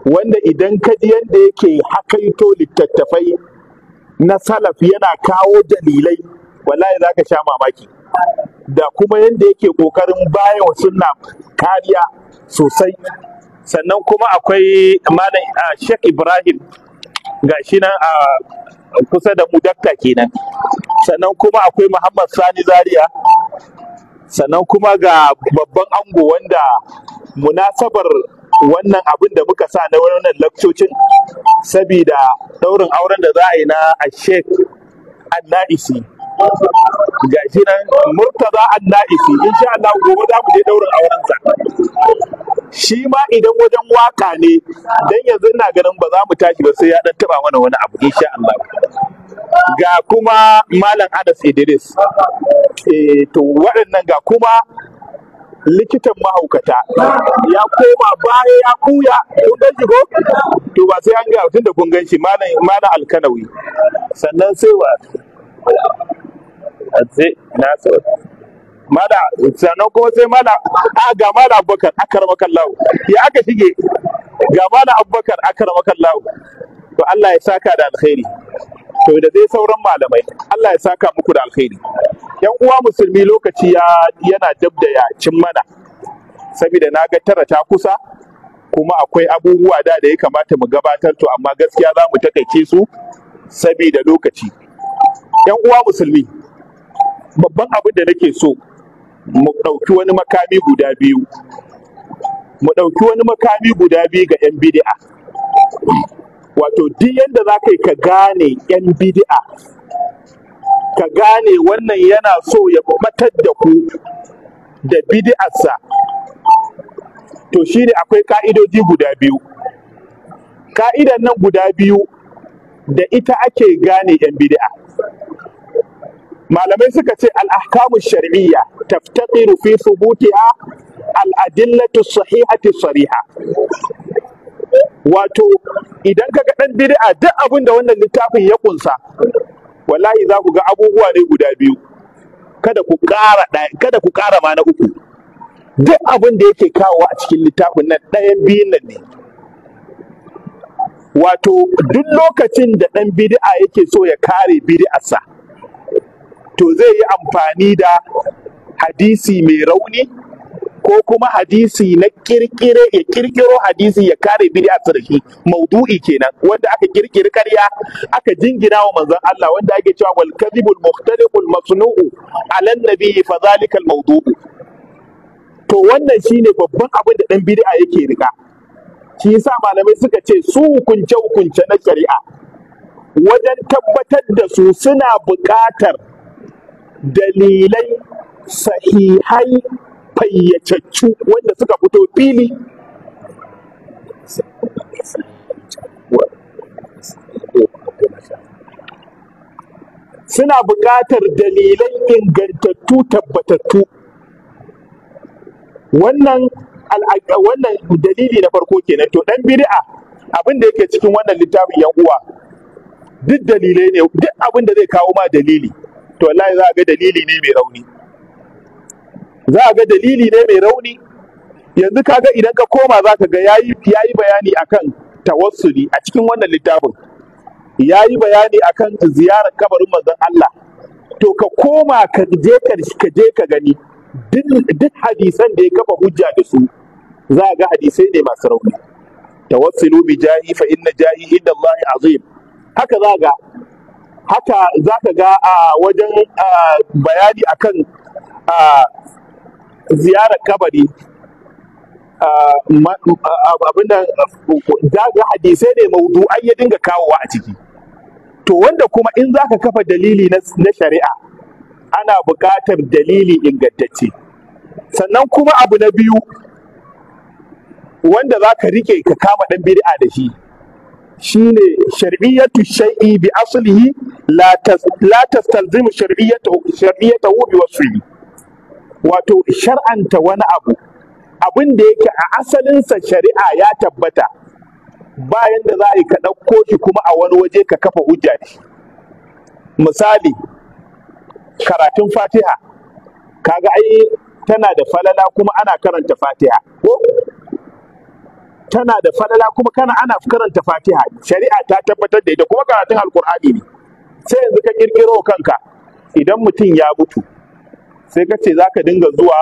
S1: wanda idan kaji yadda yake hakaito littattafai na salaf yana kawo dalilai wallahi za ka sha mamaki da kuma yadda yake ƙoƙarin baya wa sunna kariya sosai sannan kuma akwai malam shek Ibrahim ga shi nan a kusa da mu dakta kenan sannan kuma akwai Muhammad Sani Zaria sannan kuma ga babban ango wanda munasabar wannan abin da muka sa na wannan lakcocin sabida daurin auren da za a yi na ashek anna'isi ga shi nan murtaza anna'isi insha Allah gobe za mu je daurin aurensa shi ma idan wajen waka ne dan yanzu ina ganin ba za mu tashi ba sai ya dan taba mana wani abu sha Allah ga kuma malam Anas Idris eh to waɗannan ga kuma likitan mahaukata ya koma baya ya kuya kun gan ko to ba sai an ga tun da kun ganshi shi malam alkanawi sannan sai wa na so mada sannan kuma sai mada a ga mada abubakar akaramakan lawo ya aka shige ga mada abubakar akaramakan lawo to Allah ya saka da alkhairi to da dai sauran malamai Allah ya saka muku da alkhairi yan uwa musulmi lokaci ya yana dab da ya cin mana saboda na ga tara ta kusa kuma akwai abubuwa da da ya kamata mu gabatar to amma gaskiya za mu takaice su saboda lokaci yan uwa musulmi babban abin da nake so mu ɗauki wani makami guda biyu mu ɗauki wani makami guda biyu ga 'yan bid'a wato duk yadda za ka yi ka gane 'yan bidi'a ka gane wannan yana so ya matar da ku da bidi'arsa to shi ne akwai ka'idoji guda biyu ka'idan nan guda biyu da ita ake gane 'yan bidi'a malamai suka ce al'ahkamu shari'iyya taftaqiru fi a al'adillatu sahihati sariha wato idan ka ga dan bid'a duk abin da wannan littafin ya kunsa wallahi za ku ga abubuwa ne guda biyu kada ku ƙara kada ma na uku duk abin da yake kawo a cikin littafin nan ɗayan biyun nan ne wato duk lokacin da ɗan bid'a yake so ya kare bid'arsa to zai yi amfani da hadisi mai rauni ko kuma hadisi na kirkire ya kirkiro hadisi ya kare bid'a da shi maudu'i kenan wanda aka kirkiri karya, aka jingina wa manzon Allah wanda ake cewa wal kadhibul muhtaliqul masnu'u ala nabi fa zalikal maudu'u to wannan shine babban abin da dan bid'a yake rika shi yasa malamai suka ce su hukunce hukunce na shari'a wajen tabbatar da su suna buƙatar dalilai sahihai fayyacaccu wanda suka fito fili suna buƙatar dalilai ingantattu tabbatattu wannan wannan dalili na farko kenan to dan bid'a abin da yake cikin wannan littafin yan uwa duk dalilai ne duk abin da zai kawo ma dalili to wallahi za ga dalili ne mai rauni za a ga dalili ne mai rauni yanzu kaga idan ka koma za ka ga ya yi bayani akan tawassuli a cikin wannan littafin Ya yi bayani akan ziyarar kabarin manzon Allah to ka koma ka je ka gani duk hadisan da ya kafa hujja da su za a ga hadisai ne masu rauni tawassulu bi jahi fa inna jahi inda Allah azim haka za ga haka za ka ga a wajen bayani akan ziyarar kabari abinda da hadisai ne an ya dinga kawowa a ciki to wanda kuma in za ka kafa dalili na shari'a ana buƙatar dalili ingantacce sannan kuma abu na biyu wanda za ka rike ka kama ɗan bid'a da shi Shi shine shar'iyyatu shay'i bi aslihi la tastalzimu shar'iyyatu shar'iyyatu wasu yi. wato shar'anta wani abu abin da yake a asalinsa shari'a ya tabbata bayan da za a yi ka ɗauko shi kuma a wani waje ka kafa hujja ne misali karatun fatiha kaga ai tana da falala kuma ana karanta fatiha ko tana da falala kuma kana ana karanta fatiha shari'a ta tabbatar da ita kuma karatun alkur'ani ne sai yanzu ka kirkiro kanka idan mutum ya mutu sai ka ce za ka dinga zuwa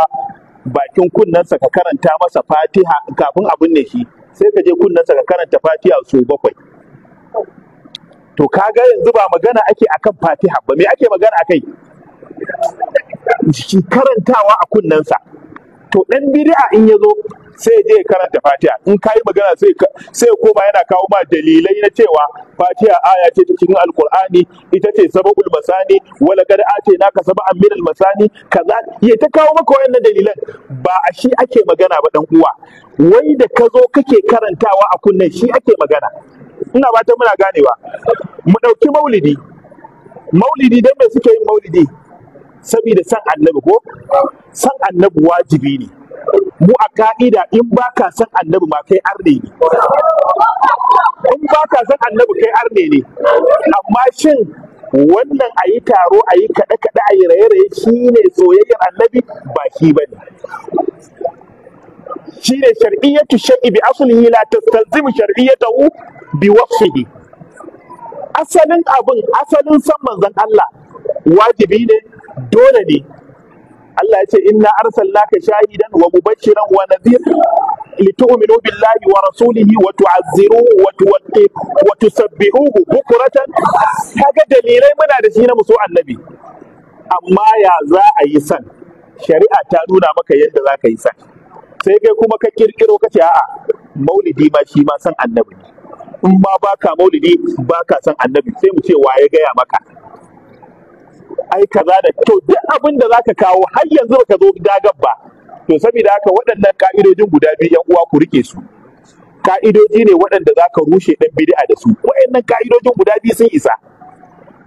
S1: bakin kunnensa ka karanta masa fatiha kafin abin ne shi sai ka je kunnensa ka karanta fatiha su bakwai to ka ga yanzu ba magana ake akan fatiha ba me ake magana akai karantawa a kunnensa to ɗan bid'a in ya zo sai je karanta fatiha in kayi magana sai koma yana kawo ma dalilai na cewa fatiha aya ce ta cikin alkur'ani ita ce sababul masani wala kad naka sab'an min almasani kaza ya ta kawo maka wannan dalilan ba a shi ake magana ba dan uwa wai da ka zo kake karantawa a kunnen shi ake magana ina ba ta muna ganewa mu dauki maulidi maulidi dan me suke yin maulidi saboda san annabi ko san annabi wajibi ne mu a ka'ida in ba ka san annabi ma kai arne ne in ba ka san annabi kai arne ne amma shin wannan a yi taro a yi kaɗe-kaɗe a yi raye-raye shi ne soyayyar annabi ba shi ba ne shi ne shari'iyyatu shari'i bi aslihi la tastalzimu shar'iyyatahu bi wasfihi asalin abin asalin san manzan Allah wajibi ne dole ne Allah ya ce inna arsalnaka shahidan wa mubashiran wa nadhir tu'minu billahi wa rasulihi wa tu'azziruhu wa tuwaddi wa tusabbihuhu bukratan kaga dalilai muna da shi na musu annabi amma ya za a yi san shari'a ta nuna maka yadda za ka yi san sai kai kuma ka kirkiro ka a'a maulidi ma shi ma san annabi in ma baka maulidi baka san annabi sai mu ce wa ya gaya maka ai kaza da to duk abin da zaka kawo har yanzu baka zo da gabba. to saboda haka waɗannan ka'idojin guda biyu yan uwa ku rike su ka'idoji ne waɗanda zaka rushe dan bid'a da su waɗannan ka'idojin guda biyu sun isa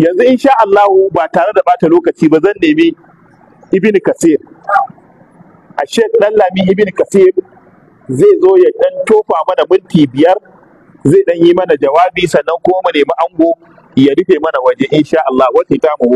S1: yanzu insha Allah ba tare da bata lokaci ba zan nemi Ibn Kasir a dan Lami Ibn Kasir zai zo ya dan tofa mana minti biyar zai dan yi mana jawabi sannan kuma mu nemi ango ya rufe mana waje insha Allah wata ta mu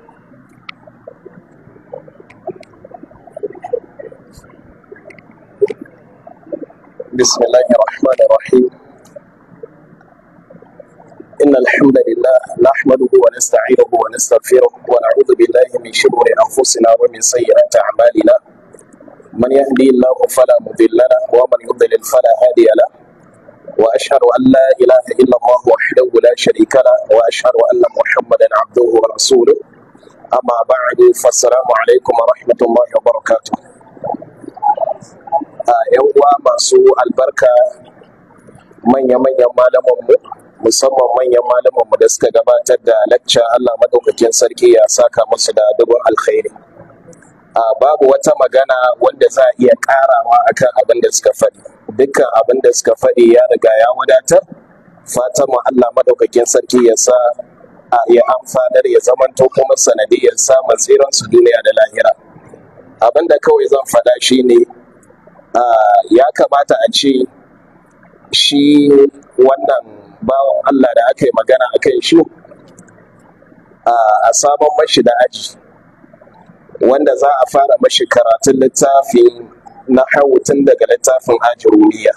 S3: بسم الله الرحمن الرحيم إن الحمد لله نحمده ونستعينه ونستغفره ونعوذ بالله من شرور أنفسنا ومن سيئات أعمالنا من يهدي الله فلا مضل له ومن يضلل فلا هادي له وأشهد أن لا إله إلا الله وحده لا شريك له وأشهد أن محمدا عبده ورسوله أما بعد فالسلام عليكم ورحمة الله وبركاته A yan uwa masu albarka manya-manyan malamanmu musamman manyan malamanmu da suka gabatar da lacca Allah madaukakin sarki ya saka musu da dubin alkhairi babu wata magana wanda za a iya ƙarawa akan abin da suka faɗi dukkan abin da suka faɗi ya riga ya wadatar fatan mu Allah madaukakin sarki ya sa ya amfanar ya zamanto kuma sanadiyar samun su duniya da lahira abin da kawai zan faɗa shine Ah, ya kamata a ce shi wannan bawan Allah da aka yi magana a kan shi ah, a sabon mashi da aji wanda za a fara mashi karatun littafin na tun daga littafin ajirumiya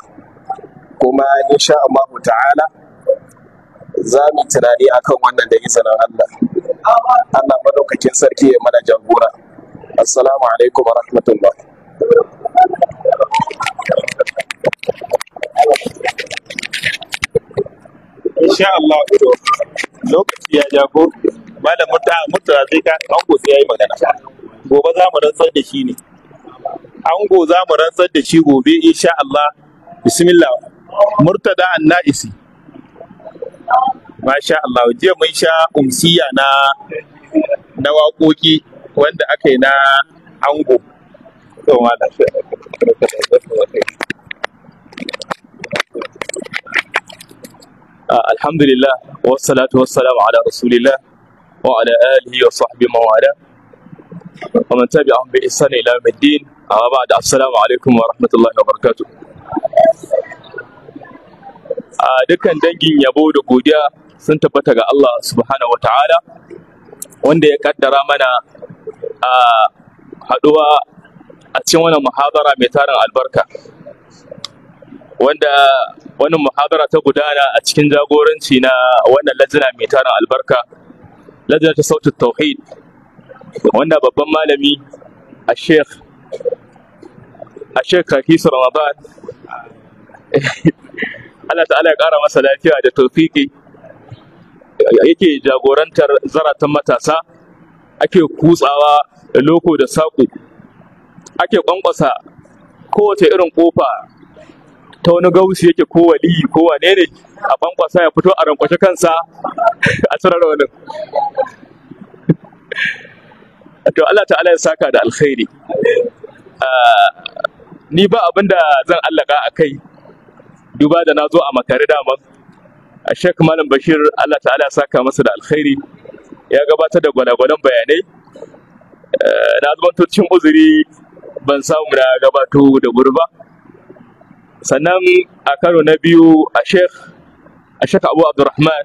S3: kuma insha Allah ta'ala za mu tunani akan wannan da izinin Allah Allah madaukakin sarki ya mana jagora assalamu alaikum wa rahmatullah insha Allah to lokaci ya jago
S1: malam muta muta sai ka ango sai yayi magana gobe za mu rantsar da shi ne ango za mu rantsar da shi gobe insha Allah bismillah murtada annaisi masha Allah je mun sha umsiya na na waƙoƙi wanda aka yi na ango
S5: to ma da shi ala rasulillah wa ala alihi wa sahbihi wa wala wa man tabi'ahum bi ihsan ila yawmiddin amma ba'd assalamu alaikum wa rahmatullahi wa barakatuh a ah, dukkan dangin yabo da godiya sun tabbata ga Allah subhanahu wa wanda ya ƙaddara mana ah, a a cikin wannan muhabara mai tarin albarka wanda wannan muhabara ta gudana a cikin jagoranci na wannan lajina mai tarin albarka lajina ta sautin tauhid wanda babban malami a sheikh a sheikh kakisu ramadan *laughs* Allah ta'ala ya ƙara masa lafiya da tofiki yake jagorantar zaratan matasa ake kutsawa loko da saƙo ake kwankwasa kowace irin kofa ta wani gausi yake ko wali ko wane ne a kwankwasa ya fito a rankwashe kansa *laughs* a tsirar wani *laughs* to Allah ta'ala ya saka da alkhairi ah, ni ba abin da zan allaka a kai duba da na zo a makare daman a shek malam bashir Allah ta'ala ya saka masa da alkhairi ya gabatar da gwanagwanan bayanai eh, na zama uzuri ban samu da gabato da wuri ba sannan a karo na biyu a sheikh a sheikh abu abdurrahman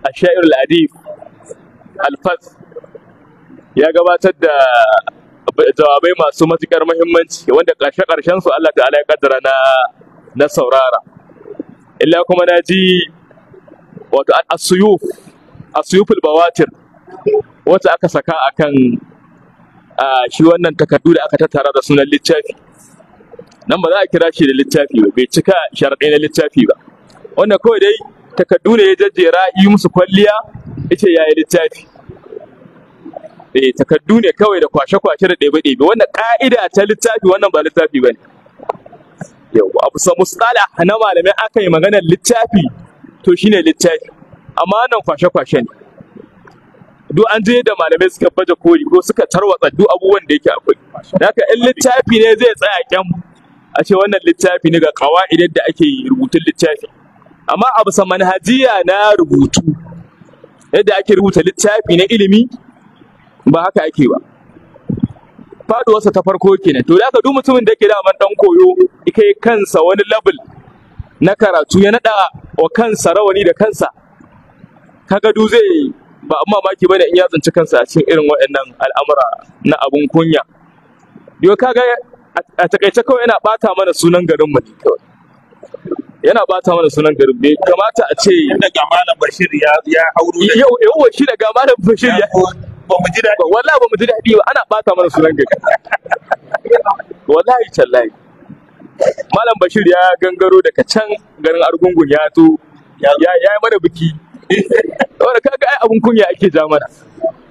S5: a sha'ir al'adif alfaz ya gabatar da jawabai masu matuƙar muhimmanci wanda ƙarshe ƙarshen su Allah ta'ala ya kaddara na na saurara illa kuma na ji wato asuyuf asuyuful bawatir wata aka saka akan shi wannan takardu da aka tattara da sunan littafi nan ba za a kira shi da littafi ba bai cika sharaɗai na littafi ba wanda kawai dai takardu ne ya jajjera yi musu kwalliya ita ya yi littafi eh takardu ne kawai da kwashe-kwashe da ɗebe-ɗebe wannan ƙa'ida ta littafi wannan ba littafi ba ne yau abu sa musala na malamai aka yi maganar littafi to shine littafi amma wannan kwashe-kwashe ne duk an je da malamai suka baje koyi ko suka tarwatsa duk abubuwan da yake akwai haka in littafi ne zai tsaya kyan a ce wannan littafi ne ga kawa'idar da ake rubutun littafi amma a bisa manhajiya na rubutu yadda ake rubuta littafi na ilimi ba haka ake ba faduwarsa ta farko kenan to daka duk mutumin da yake da man dan koyo kai kansa wani level na karatu ya nada wa kansa rawani da kansa kaga du zai ba amma mamaki bane in ya tsinci kansa a cikin irin waɗannan al'amura na abun kunya yau kaga a takaice kawai yana bata mana sunan garin mu kawai yana bata mana sunan garin bai kamata a ce daga malam bashir ya ya hauro yau yau shi daga malam bashir ya ba mu ji daɗi wallahi ba mu ji dadi ba ana bata mana sunan garin wallahi tallahi malam bashir ya gangaro daga can garin argungun ya to ya yi mana biki wanda kaga ai abun kunya ake ja mana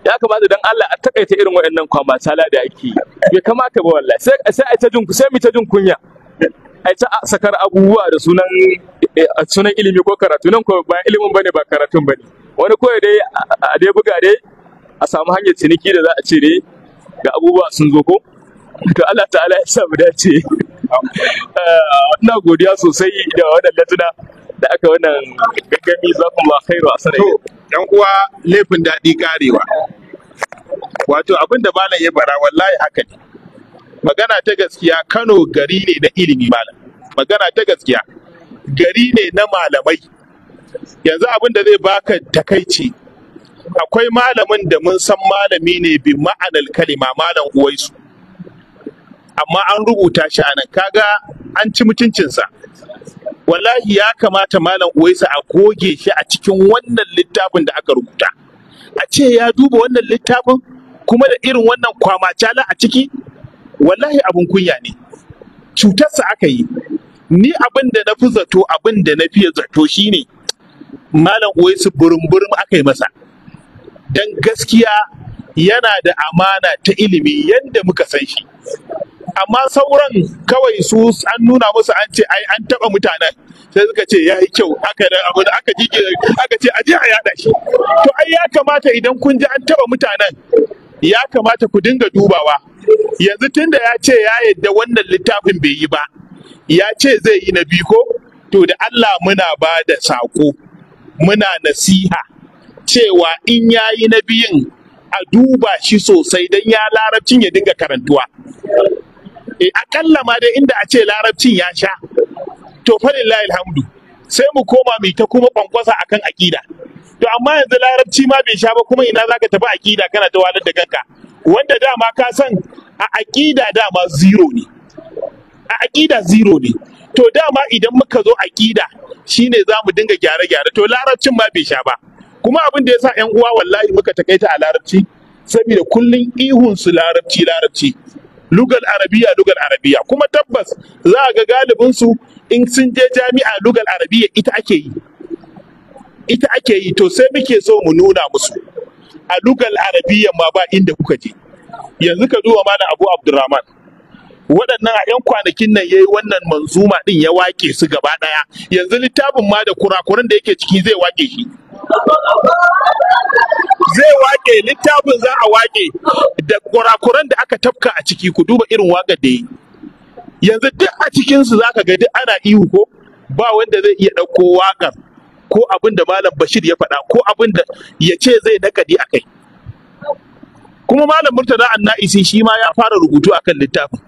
S5: ya kamata dan Allah a takaita irin waɗannan sala da ake yi. bai kamata ba wallahi sai sai a ta jin sai mu ta jin kunya ai ta sakar abubuwa da sunan eh, sunan ilimi ko karatu nan ko ba ilimin bane ba karatun bane wani koyi dai a dai buga dai a samu hanyar ciniki da za a ce dai ga abubuwa sun zo ko to Allah ta'ala ya sa mu dace *laughs* eh, ina godiya sosai da wadannan tuna da aka wannan gaggami za kuma khairu a sarai 'yan uwa laifin daɗi
S1: karewa wato abin da malam ya bara wallahi haka ne magana ta gaskiya Kano gari ne na ilimi malam magana ta gaskiya gari ne na malamai yanzu abin da zai baka takaici akwai malamin da mun san malami ne bi ma'anar kalima malam uwaisu amma an rubuta shi a nan kaga an ci mutuncinsa wallahi ya kamata malam uwaisa a goge shi a cikin wannan littafin da aka rubuta a ce ya duba wannan littafin kuma da irin wannan kwamacala a ciki wallahi abin kunya ne cutarsa aka yi ni abin da na fi zato abin da na fiye zato shine malam uwaisu burin-burin aka yi masa don gaskiya yana da amana ta ilimi yadda muka san shi amma sauran kawai su an nuna musu an ce ai an taba mutanen sai suka ce ya yi kyau aka yi abu da aka jige aka ce aje a yada shi to ai ya kamata idan kun ji an taba mutanen ya kamata ku dinga dubawa yanzu tunda ya ce ya yadda wannan littafin bai yi ba ya ce zai yi na biko ko to da Allah muna ba da saƙo muna nasiha cewa in ya yi na biyin a duba shi sosai don ya larabcin ya dinga karantuwa eh akalla ma dai inda a ce larabcin ya sha to falillahi alhamdu sai mu koma mai ta kuma kwankwasa akan akida to amma yanzu larabci ma bai sha ba kuma ina zaka tafi akida kana ta walar da kanka wanda dama ka san a akida dama zero ne a akida zero ne to dama idan muka zo akida shine za mu dinga gyare-gyare to larabcin ma bai sha ba kuma abin da yasa yan uwa wallahi muka takaita a larabci saboda kullun ihun su larabci larabci lugal arabiya lugal arabiya kuma tabbas za a ga galibin su in sun je jami'a lugal arabiya ita ake yi ita ake yi to sai muke so mu nuna musu a lugal arabiya ma ba inda kuka je yanzu ka duba mana abu abdurrahman waɗannan a 'yan kwanakin nan yayi wannan manzuma ɗin ya wake su gaba ɗaya yanzu littafin ma da kurakuran da yake ciki zai wake shi zai waƙe littafin za a wake da kurakuran da aka tafka a ciki ku duba irin waƙar da yi yanzu duk a cikinsu za ka ga duk ana ihu ko ba wanda zai iya ɗauko waƙar ko abin da malam bashir ya faɗa ko abin da ya ce zai nakadi a kai kuma malam murtala anna'isi shi ma ya fara rubutu akan littafin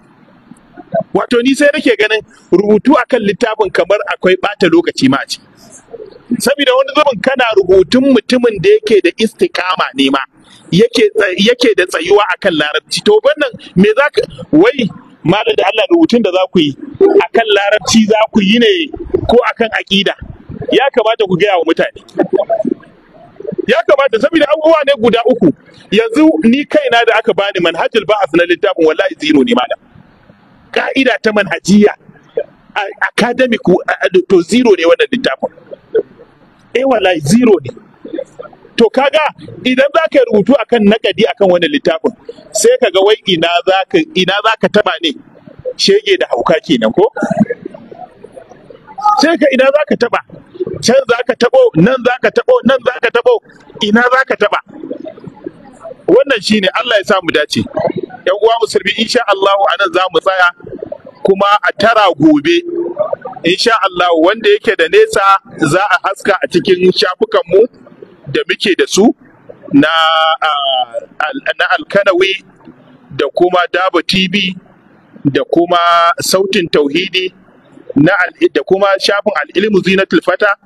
S1: wato ni sai nake ganin rubutu akan littafin kamar akwai bata lokaci ma a ciki saboda wani zubin kana rubutun mutumin da yake da istikama ne ma yake da tsayuwa akan larabci to wannan me za ka wai malam da Allah rubutun da za ku yi akan larabci za ku yi ne ko akan aƙida ya kamata ku gaya wa mutane ya kamata saboda abubuwa ne guda uku yanzu ni kaina da aka bani manhajul ba'as na littafin wallahi zero ne malam ka'ida ta manhajiya academic to zero ne wannan littafin eh wallahi zero ne to kaga idan za ka rubutu akan nakadi akan wani littafin sai kaga wai ina za ka ina za ka taba ne shege da hauka kenan ko sai ka ina za ka taba can za ka tabo nan za ka tabo nan za ka tabo ina za ka taba wannan shine Allah ya sa mu dace yan uwa musulmi insha Allah anan za mu tsaya kuma a tara gobe insha Allah wanda yake da nesa za a haska a cikin shafukanmu da muke da su na na alkanawi da kuma dabo tv da kuma sautin tauhidi da kuma shafin al'ilmu zinatul fata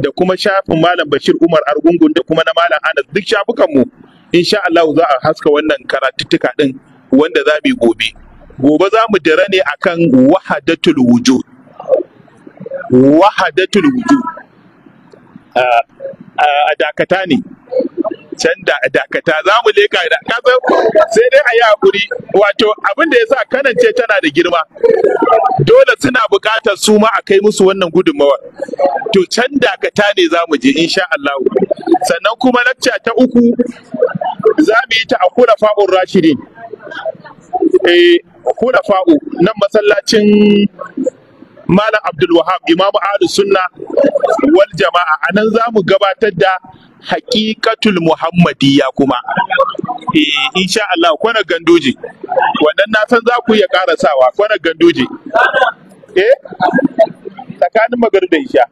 S1: da kuma shafin malam bashir umar argungun da kuma na malam anas duk shafukanmu insha Allah za a haska wannan karatuttuka din wanda za mu gobe gobe za mu dira ne akan wahadatul wujud wahadatul wudu a dakata ne can da dakata za mu leka da kasan sai dai a yi hakuri wato abin da ya sa kanance tana da girma dole suna buƙatar su ma a kai musu wannan gudunmawa to can dakata ne za mu je insha Allah sannan kuma lacca ta uku za mu yi ta a kura fa'un rashidin eh kura fa'u nan masallacin malam abdul wahab imamu ahlu sunna wal jama'a anan zamu gabatar da haƙiƙatul muhammadiyya kuma eh insha Allah kwana gandoji wannan na san za ku iya karasawa kwana ganduji. eh tsakanin magar da isha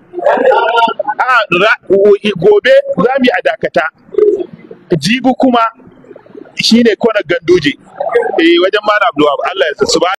S1: ah, a eh, gobe za mu yi a dakata jibi kuma shine kwana ganduji eh wajen malam abdul wahab Allah ya subhanahu